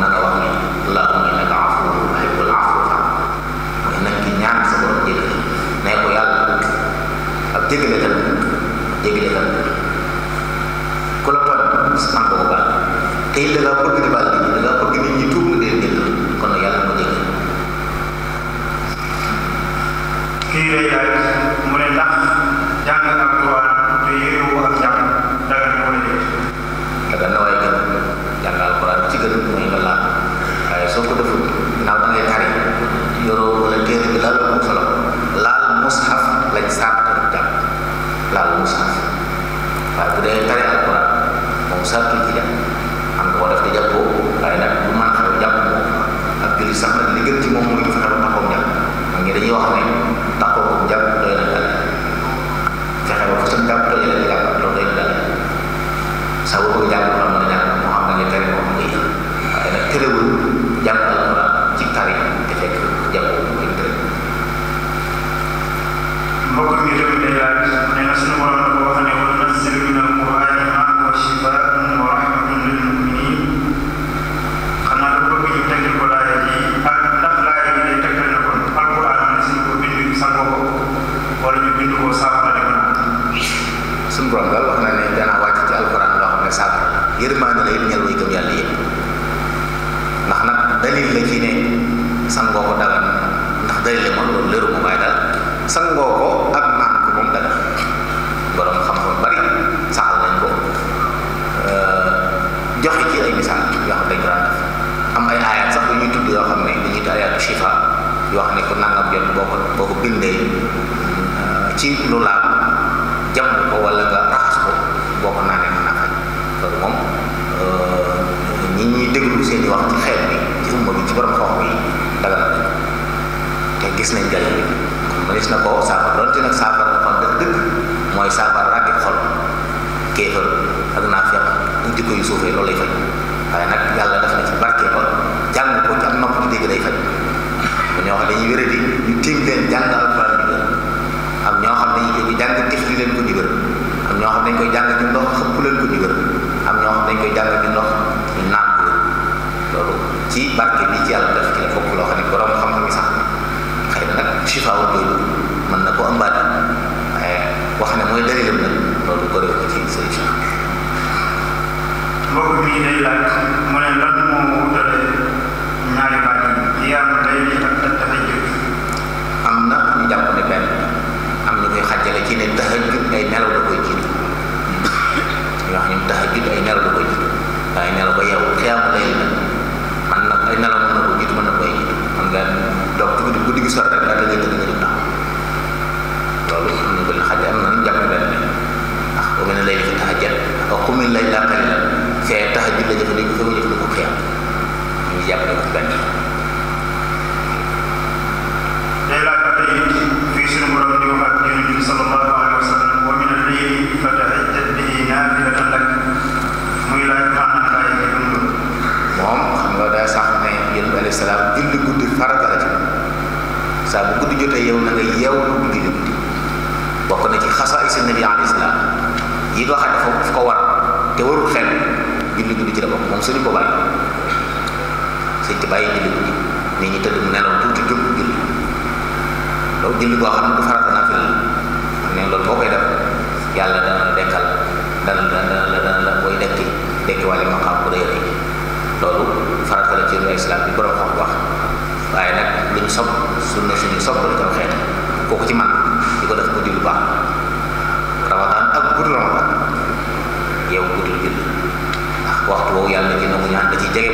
sartu ci jàpp am nga ko def di jàppoo waaye nag bu mën a xew jàpp moom ak julli ci moom mooy ñu fexe ba taxaw jàpp ma ngi dañuy wax ne taxaw ko jàpp doy na dal fexe ba fa sa jàpp doy na jàpp loolu doy na dal sa woo jàppale ci gàncax day laaj ba fii suñu borom di wax ak yonent bi sallallahu alayhi wa sallam wa min al-layli fatahajjad bihi naafilatan lak muy laaj maanaam laaj bi dund moom xam nga daa sax ne yonent bi alayhi guddi farata la saa bu guddi jotee yow na nga yeew bu julli guddi bokk na ci xasaa'is nabi alayhi salaam yi nga xam ne ko war te warul xel julli guddi ci la bokk moom suñu ko bàyyi sëñ bi bàyyi julli guddi nit tuuti jóg julli loolu julli boo xam ne du farata naa fi ne loolu boo koy def yàlla dana la dekkal dana dana la ma xam bu rëy rëy loolu farata la ci yoonu islam bi borom xam wax waaye nag lu ñu sopp sunna suñu sopp la ko xeet kooku ci man di ko def guddi lu baax ramadaan ak guddi ramadaan julli ndax yàlla ci da ci jege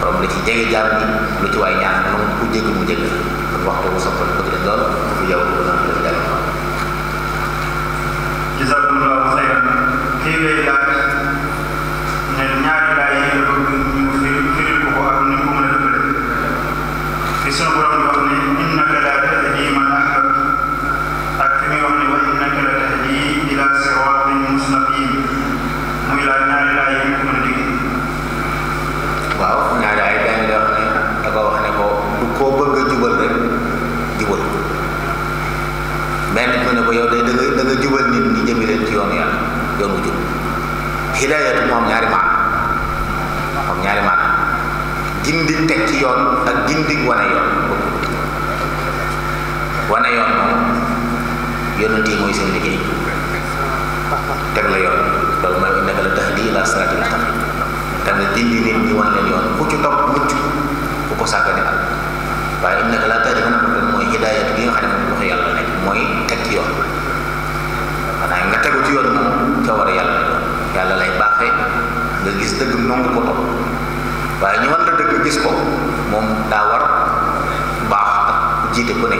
borom lu ci jege jaam bi lu ci waay ñaax na moom ku jégg mu jégg la kon waxtu bu soppal bëgg na lool ku yow lu na lu jàng jazakumullahu xayran kii lay laaj ne ñaari laaj yi la bëgg ñu firi ko ko ak ni ko mën a dëggale fi sunu borom wax ne innaka la tahdi man ahbab ak fi muy wax ne wa innaka la tahdi ila siratin mustaqim muy laaj ñaari laaj yi ñu ko mën a digg waaw jubal rek jubal benn mu ne yow de da nga da nga jubal nit ñi jëmi leen ci yoon yàlla yoon wu jub hidaayatu moom ñaari maan moom ñaari maan teg ci yoon ak gindi wane yoon wane yoon moom yi mooy seen liggéey teg la yoon loolu mooy innaka la tahdi ila nit ñi wan leen yoon ku ci topp mucc ku ko sàggane ak waaye innaka laa tahdi man ahbabta mooy hidaayatu bi nga xam ne moom loxo yàlla nekk mooy teg ci yoon xanaa nga tegu ci yoon moom coowar yàlla yàlla lay baaxee nga gis dëgg waaye ñu war la gis ko moom daa war baax ak jiite ku ne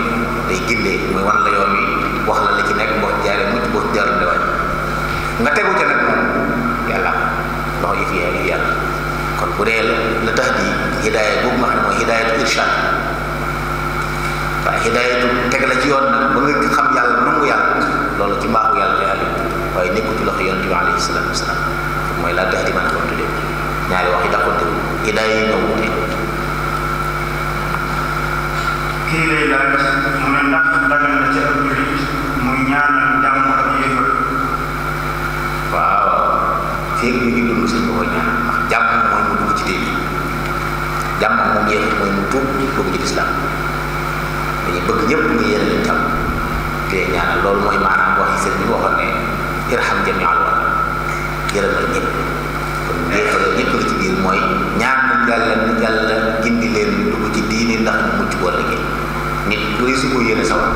day ci nekk boo jaaree mucc boo jaarul diwaan nga tegu yàlla kon bu dee la tax di hidaaya boobu nga xam ne mooy hidaayatu irshad hidaayatu teg la ci yoon nag ba nga xam yàlla nangu yàlla loolu ci mbaaxu yàlla day aju waaye nekkul ci loxo yonent bi alayhi salaatu di mën wax yi mu ne ndax ko koy jàmm mooy mu dugg ci diine jàmm moom yéefar mooy mu tuub dugg ci lislaam dañuy bëgg ñëpp ñu yéen ñu tal te ñaanal loolu mooy maanaam wax yi sëñ bi waxoon ne irham jamial wala yërëmal ñëpp kon yéefara ñëpp li ci biir mooy ñaan nañ yàlla ni yàlla gindi leen dugg ci diini ndax ñu mucc boo liggéey nit wari su ko yéene sawar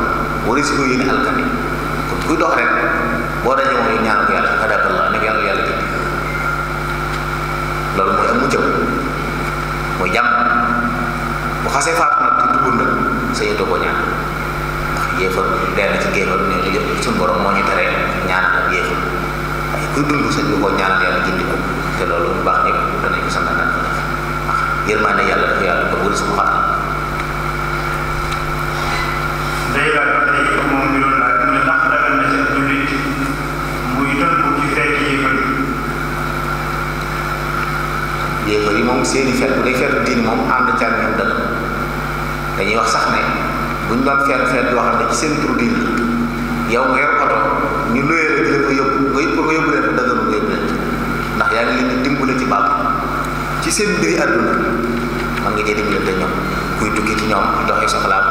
wari su ko yéene alkani kon kuy dox rek boo dajee mooy ñaan ko yàlla fadakallah nekk yàlla yàlla gindi loolu mooy am muccam mooy jàmm bu xasee faatu sañatoo koo ñaan ndax yéefar ci géefar ne li yëpp suñu borom moo ñu tere ñaanal ak yéefar waaye kuy dund sëñ bi koo ñaanal yàlla jindi ko te loolu bu baax ñëpp danañ ko santaan ko def ndax yërmaande yàlla dafa yàlla ko wëri suñu xat yi moom seeni fet bu dee fet diini moom ànd caag ñoom dana dañuy wax sax ne buñ doon feet feet boo xam ne ci seen tur bi yow nga yor oto ñu luyee la jëlee ko yóbbu nga yóbbu nga yóbbu leen fa dëgëru nga ndax yaa ngi di dimbale ci baax ci seen mbiri àdduna man nga jël dimbalante ñoom kuy tukki ci ñoom di doxee soxlaam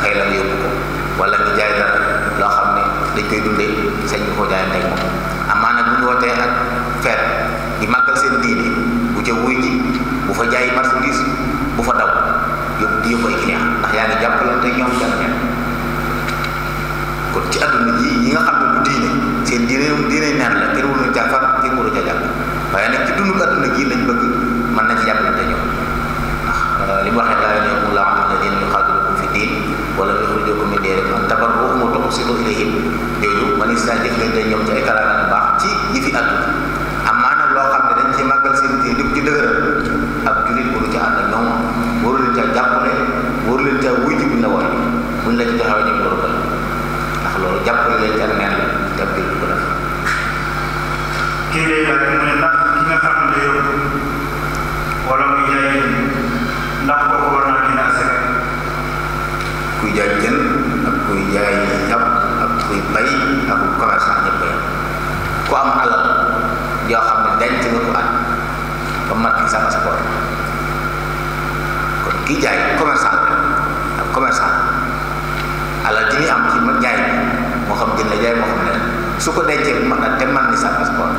fay la nga yóbbu ko wala nga jaay dara loo xam ne dañ koy dundee sañ nga koo jaayante ak moom amaana bu ñu wootee ak feet di màggal seen diini bu ca wuy ji bu fa jaay marchandise bu fa daw yóbbu di koy ci neex ndax yaa ngi kon ci àdduna ji ñi xam ne bu diine seen diine diine naan la kenn waruñu jàppal kenn jàpp waaye nag ci dundu àdduna lañ bëgg mën na ci jàppalante ñoom euh, li mu waxee daal ne mu la am na dina yuqaatilukum fi diin wala yukhrijukum min diyarikum wa tuqsitu ilayhim léegi naa jëflante ñoom ci ay bu baax ci ñi fi àdduna amaana loo xam ne dañ ci màggal seen diine di ko ci ab jullit bu du ci ànd ak waru leen caa jàppale waru leen caa wuy ji buñ la wooyee buñ la ci joxee ñu waru ndax loolu jàppale leen caa neen la ko xam ne war naa gën a asaka kuy ak kuy jaay yàpp ak kuy bay ak ku commerçant ñëpp ku am alal yoo xam ne denc nga ko at ba mat ki sama sa bopp kon kii jaay commerçant ab commercant alal di ñu am ci jaay moo xam jën la jaay moo xam ne su ko dencee mën na te mën ni sa passeport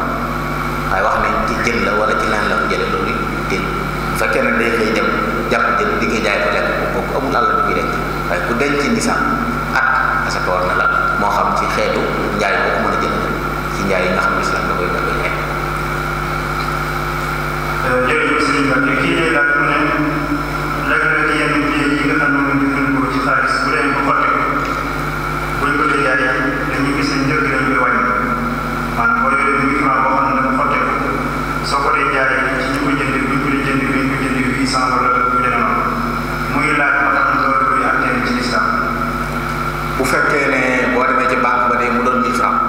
waaye wax nañ ci jën la wala ci lan la ko jëlee loolu it bu ne day koy dem jàpp jën di ko jaay ko lekk kooku amul alal du muy waaye ku denc ni sax ak asaka war na la moo xam ci xeetu njaay boobu mën a jënd ci njaay yi nga xam ne islam da euh, nekk. njëriñ li nga xam ne moom jëfandikoo ci xaalis bu leen ko fàtte buñ ko dee jaay dañuy gis ne njëg dañ koy wàññi maanaam boo yoree mille franc boo xam ne dafa fàtte soo ko dee jaay ci ñu ko jënd buñ ko dee jënd buñ ko jënd huit cent wala lu demee noonu muy laaj ba tax loolu luy atteindre ci lislam bu fekkee ne boo demee ci banque ba de mu doon mille franc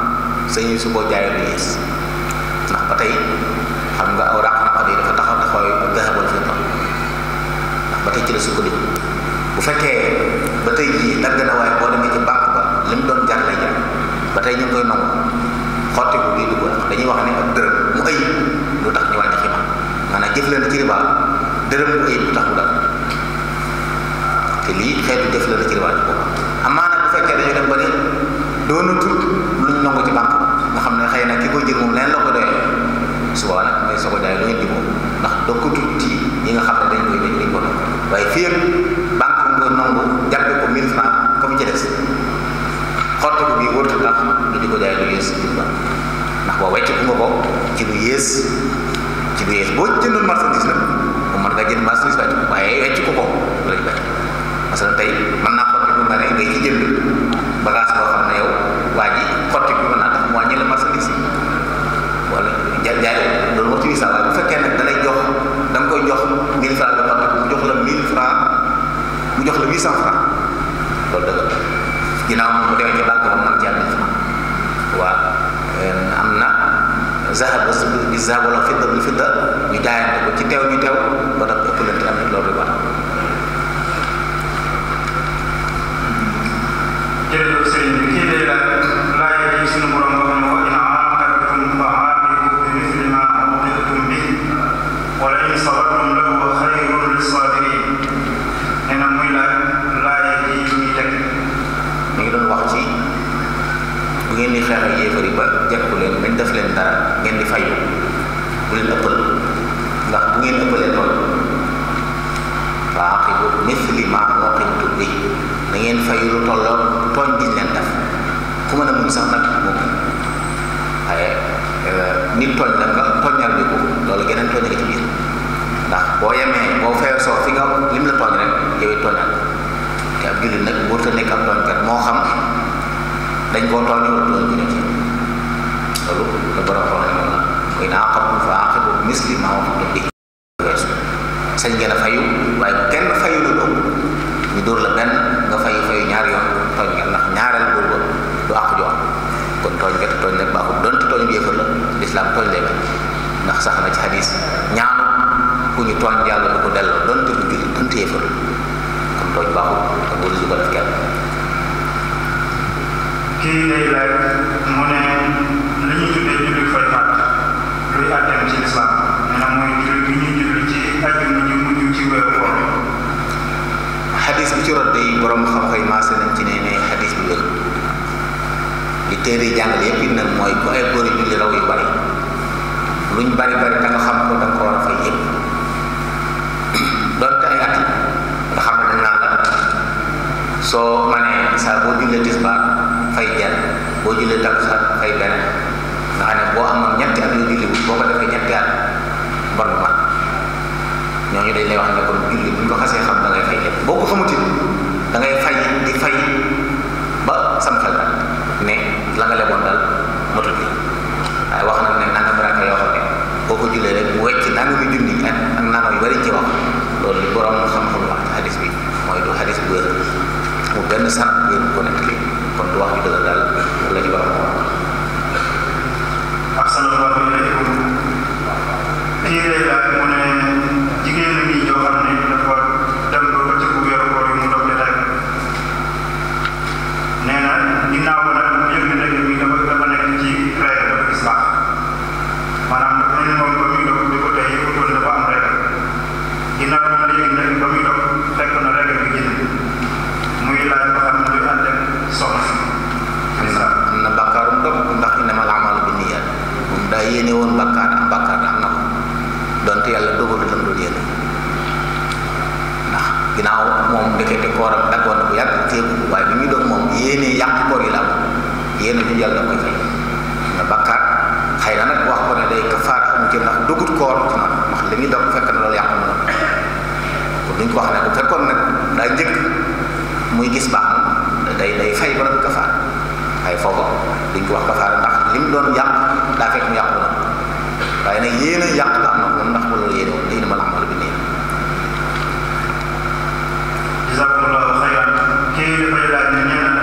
sa ñuy su boo jaayee lu yées ndax ba tey xam nga aw raq naqat yi dafa taxaw taxaw dahabal fi ndax ba tey ci la sukkandiku bu fekkee ba tey jii dagg na waaye boo demee ci bàq ba li mu doon jar lay ba tey ñu ngi koy nangu xotti bu bii dugg dañuy wax ne ak dërëm mu ay lu tax ñu wàññi xibaar maanaam jëflante ci riba dërëm mu ay lu tax mu te lii xeetu jëflante ci riba ci boobu amaana bu fekkee dañu dem ba ne doonatul lu ñu nangu ci bàq ba nga xam ne xëy na ki koy jël moom leen la ko doyee suba nag mooy soo ko jaay lu ñu di ndax doo ko tuuti ñi nga xam ne dañ koy dañ ko doon waaye fii nangu jàppe ko 1000 francs comme ci des xottu ko bii wërtu tax ñu di ko jaay lu yées ba ndax boo wecc ku nga ko ci lu yées ci lu yées boo jëndoon marchandise la bu mën nga jënd marchandise waaye wecc ko ko la ñu wecc parce que tey mën naa xotti bu bare ngay ci jënd bagage waa jaay loolu moo ci sa bu fekkee nag da jox da koy jox 1000 jox la 800 francs loolu dëgg la ginnaaw mu demee ci banque ba mën ci am waaw euh, am na zahab bi zahab wala fidda bi fidda ñu jaayante ko ci teew ñu teew ba nag ëpp leen ci am loolu ba tax jërëjëf sëriñ bi kii day laaj laaj yi suñu borom doon wax ci bu ngeen di xeex ak yéefar yi ba jekku leen bañ def leen dara ngeen di fayu bu leen ëppal ndax bu ngeen ëppalee loolu faaqibu misli maa waqibtum bi da ngeen fayu lu tolloo tooñ giñ leen def ku mën a muñ sax nag moom waaye euh, nit tooñ la nga tooñal bi ko loolu geneen tooñ a ci biir ndax boo yemee boo fayoo soo fi nga lim la tooñ rek yow it tooñal ab jullit nag wër ta nekk ab tooñkat moo xam dañ koo tooñ wala tooñ sañ ngeen a fayu waaye kenn fayu lu ëpp ñu dóor la benn nga fayu fayu ñaar yoon tooñ nga ndax ñaareel boobu du àq jox kon tooñ nga te tooñ nag baaxul donte tooñ bi yëfër la lislaam tooñ lay ndax sax na ci xadis ñaanu ku ñu tooñ yàlla du ko delloo donte du jullit donte yëfër kon tooñ baaxul 2024. kii day laaj mu ne li ñu tuddee jullit fay fàtt luy àtteem ci lislaam nee na mooy jullit bi ñuy julli ci àjjuma ñu mujj ci weeru koor. xadis bi ci rot day borom xam-xam maase nañ ci ne ne xadis bi wér li téere jàngale yépp nag mooy ku ay góor julli raw yu bari luñ bari bari da nga ko da ko war a fay yépp soo manee saa boo jullee tisbaar fay jar boo jullee takkusaan fay benn nga xam ne boo amoon ñetti at yoo julli boo ko defee ñetti at bon wax ne kon julli ko xasee xam da ngay fay lépp boo ko xamut it da ngay fay di fay ba sam xel daal ne la nga leboon bi waaye wax na ne nanga baraka yoo xam ne boo ko jullee rek bu wecc nanga mi junni ak nanga yu bari ci wax loolu li borom xam-xam wax xadis bi mooy du xadis bu wér pour benn sant ngeen ko nettali kon du wax dëgg daal la a wax. ak sama bopp yi lay ko. ginnaaw moom ndekete kooram daggoon na bu yàgg téegu waaye bi muy doon moom yéenee yàq koor yi la yéene ju yàlla koy fay na nag wax ko ne day kafaar amu ci ndax dugut koor ci noonu ndax li muy doon fekk na loolu yàq na ko wax ne bu fekkoon nag daa njëkk muy gis baax day day fay ba nag kafaar waaye foofa duñ ko wax ndax li mu doon yàq waaye nag yéene yàq la na moom ndax ba loolu yéene woon day dama la am liggéey dafay daal di ñëw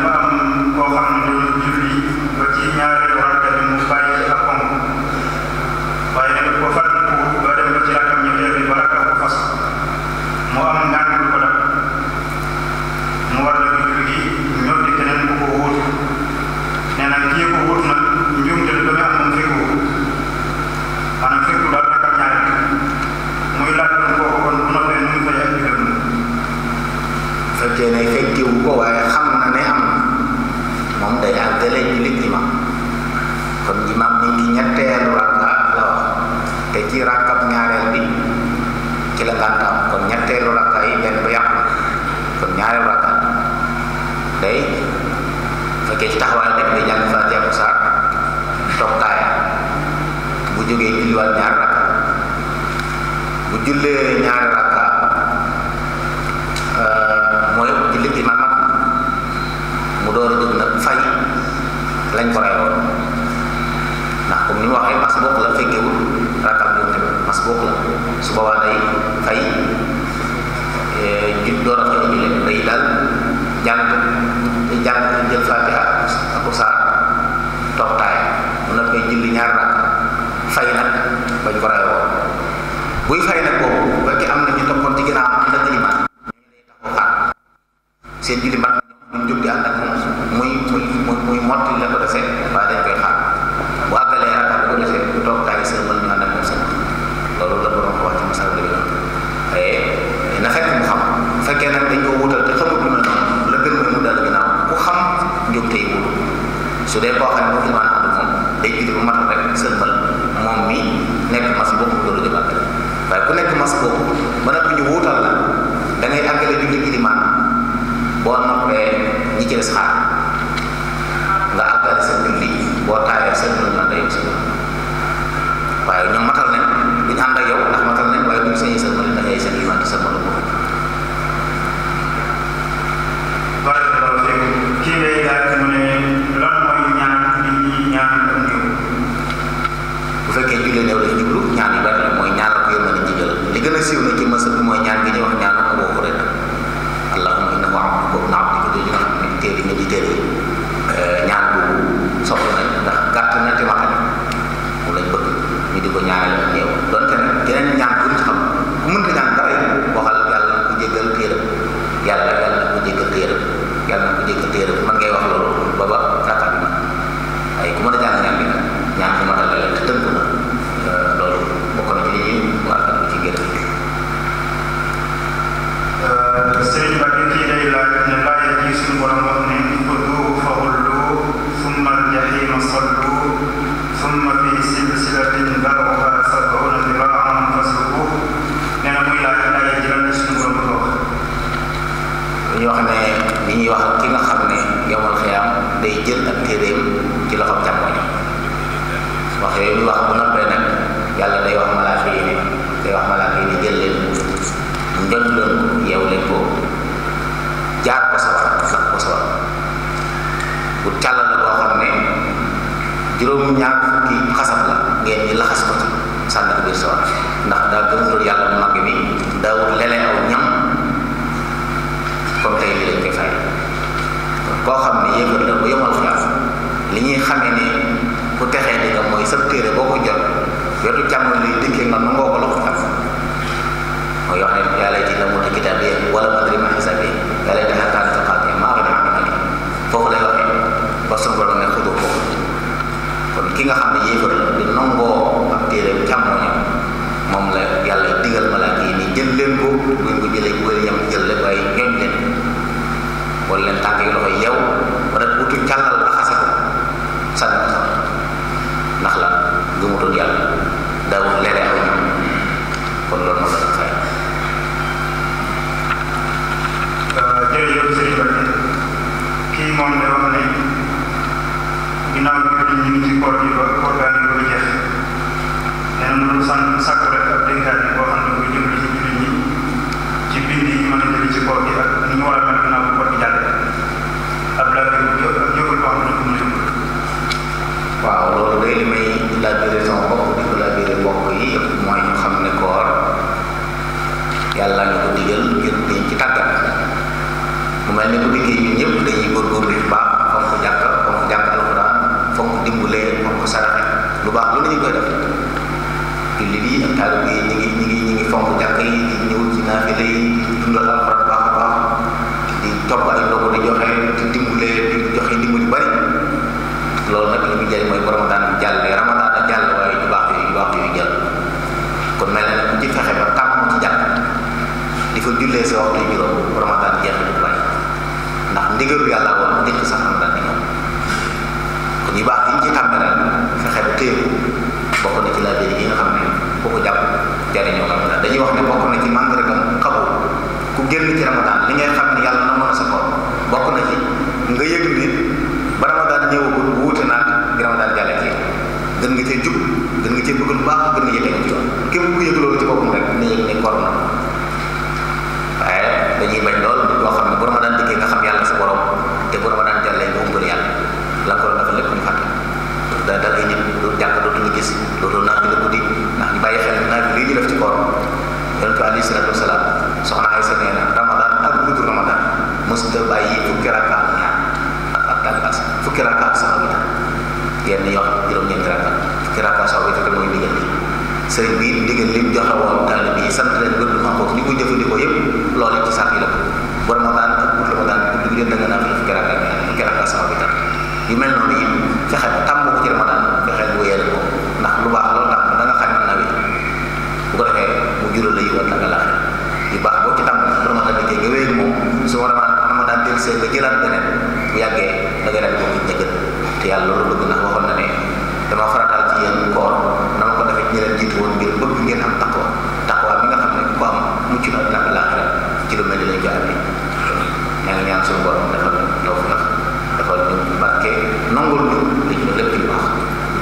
julliwaat ñaari rakka bu jullee ñaari rakka euh, mooy julli imaam ak mu door a jóg nag fay lañ ko reyoon ndax comme ni mu waxee mas bokk la fekkewul rakka bi mas bokk la su boobaa day fay jul euh, door a fay julli day ñaari rakka fay nag bañ ko raay woon buy fay nag boobu bu fekkee am na ñu toppoon ci ginnaaw am na climat ñooñu lay taxaw xaar seen julli jigéen yow lañ jublu ñaan yu bari la mooy ñaanal ko yërmande jigéen li gën a siiw na ci masal bi mooy ñaan gi ñuy wax ñaanu Abu Hurayra allahumma innahu abduka ibnu abdika di nga xam ne téere nga di euh, ndax gàtt na te wax na mu bëgg ñu di ko ñaanal ñeew donte nag geneen ñaan bu ñu xam ku mënta ñaan dara waxal yàlla ku jéggal téeram yàlla ñuy wax ne li ñuy wax ki nga xam ne yomal xiyaam day jël ak téeréem ci loxoom càmmoñ wax yooyu ñuy wax bu noppee nag yàlla day wax malaaka yi ne day wax malaaka yi ne jël leen njot leen ko yeew leen ko jaar ko sawar sax ko sawar bu càll la boo xam ne juróom ñaar fukki xasab la ngeen ñi laxas ko sànni biir sawar ndax daa gëm yàlla bu mag bi daawul lelee kon tey lii lañ koy fay koo xam ne yéefar la bu yomal xiyaas li ñuy xamee ni ku texee di nga mooy sa téere boo ko jot wetu càmm luy dikkee nga nangoo ko la ko xiyaas mooy wax ne yàlla ci la mu di kitaab yi wala madri ma xisaab yi yàlla dafa kaan ko def ne xudoo foofu kon ki nga xam ne yéefar la di nangoo ak téere càmm moom la yàlla digal ma la jël leen ko buñ ko jëlee wër yam jël la waaye ñooñ leen wala leen tànk yi loxo yow rek wutu càllal la xase ko sànni ko sawar ndax la gëmutoon yàlla daawul leere aw ñam la fay euh, jërëjëf sëñ Backe kii moom ko jeex na mu sant ci waaw loolu day li may laabire sama bopp di ko laabire mbokk yi mooy ñu xam ne koor yàlla nga ko digal ngir dañ ci tàggat mu mel ne bu diggee ñun ñëpp dañuy góorgóorlu bu baax fonk jàkk fonk jàkk alxuraan fonk dimbalee fonk saraxe lu baax lu ñu koy def jullit yi ak taalibe yi ñu ngi ñu ngi ñu ngi fonk jàkk yi ñëw ci naafile yi dundal topp ay ndogu di joxe di dimbale di joxe dimbali bari loolu nag li muy jëriñ mooy borom ramadaan a jàll waaye ñu baax baax yooyu jàll kon mel na ku ci fexe ba ci jàpp di fa jullee sa waxtu juróom ramadaan jeex du bàyyi ndax ndigalu yàlla di ñëw kon ñu baax yiñ ci tàmmee ba téye bokk na ci laaj yi nga xam ne boo ko jàpp jariñoo ramadaan dañuy wax ne bokk na ci màndargam xabu ku génn ci ramadaan li xam bokk na ci nga yëg ni ba ramadaan ñëwagul wuute naag bi ramadaan jàllee ci gën nga cee jub gën nga cee bëgg lu baax gën nga yëg ci yoon ci boppam rek koor na waaye dañuy bañ lool loo xam ne bu ramadaan dikkee nga xam yàlla sa borom te bu ramadaan jàllee nga umbal yàlla la ko dafa lépp ñu fàtte da da ngay nit du jàkk dootuñu gis loolu naa fi la guddi ndax bàyyi xel naa fi lii ñu def ci koor yonent bi alayhi salaatu wasalaam soxna Aysa nee na mësta bàyyi fukki rakkaat ñaar ak ak ak fukki rakkaat sax bi tam yoo xam juróom-ñeenti rakkaat fukki rakkaat sax bi fekk mooy ndigal li sëriñ bi ndigal li mu joxe woon bi sant leen gën ma ko ni yëpp loolu ci yi ko war ma daan ak pour la ma daan pour dugg leen da nga naan fukki rakkaat ñaar fukki rakkaat sax tam yu mel noonu yi fexe ba tàmm ko ci ramadan fexe bu yeel ko ndax lu baax loolu tax da nga xam ne nawet bu ko defee mu jural la yiwal la nga laaj yu baax boo ci tàmm ramadan da cee nga wéy moom su war seen ba jëlaat beneen bu yàggee da nga dem bokkuñ njëkk te yàlla loolu bëgg na waxoon na ne dama farataal ci yéen koor dama ko defee ñu leen jiitu woon ngir bëgg ngeen am taqwa taqwa bi nga xam ne ku am mucc na nag laaxira ci lu mel ni lañ ko amee ña nga ñaan suñu borom dafa taw na dafa ñu barke nangul ñu li ñu lépp baax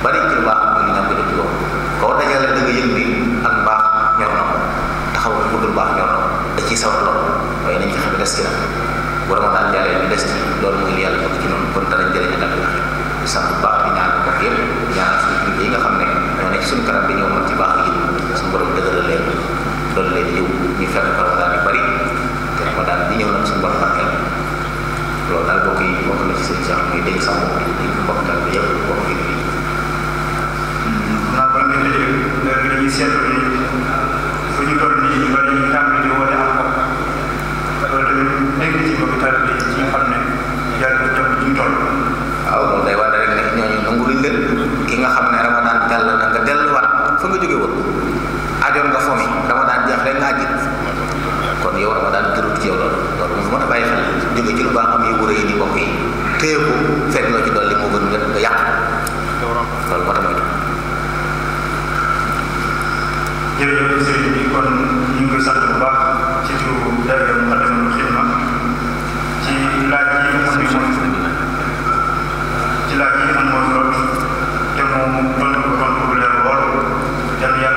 bari ci lu baax ñu di ci bokk koo dajale da yëg ni ak mbaax ñor na ko taxaw bu dul baax ñor na ko da ciy sawar lool waaye nañ ci xam des ci nag bu ramadan jàllee des ci loolu mooy yàlla bëgg ci noonu kon danañ jëlee ñu dàq di sant bu baax di ñaanal ko yëpp ñaanal suñu kilifa yi nga xam ne ñoo nekk bi ñoo mën ci baax yi suñu borom dëgëral leen loolu leen yëw ñu fekk ko ramadan loolu daal bokk yi bokk na ci seen sax dégg sax di bokk daal bi yëpp bokk yi bi naa kon ngeen dajee nga gën a seetlu ni fu ñu toll nii ñu bari ñu tàmm di woote am ko loolu tamit léegi ci bëgg tàbbi ci nga xam ne yàlla bu toll ji toll. waaw loolu day wane rek ne ñooñu nanguwuñ leen ki nga xam ne ramadaan jàll na nga delluwaat fa nga jóge woon aajoon nga fomi ramadaan jeex rek nga ajit kon yow ramadaan tërut ci yow loolu loolu moom mën a bàyyi xel jóge ci lu baax am yu wëree ni mbokk yi téye ko fekk loo ci dolli moo gën nga yàq loolu moo tax moytu. jërëjëf sëriñ bi kon ñu ngi koy sant bu baax ci turu daayira Moukhaddamatoul Khidma ci laaj yi mu limoon ci laaj yi mu limoon lool te mu tontu ko tontu bu leer lool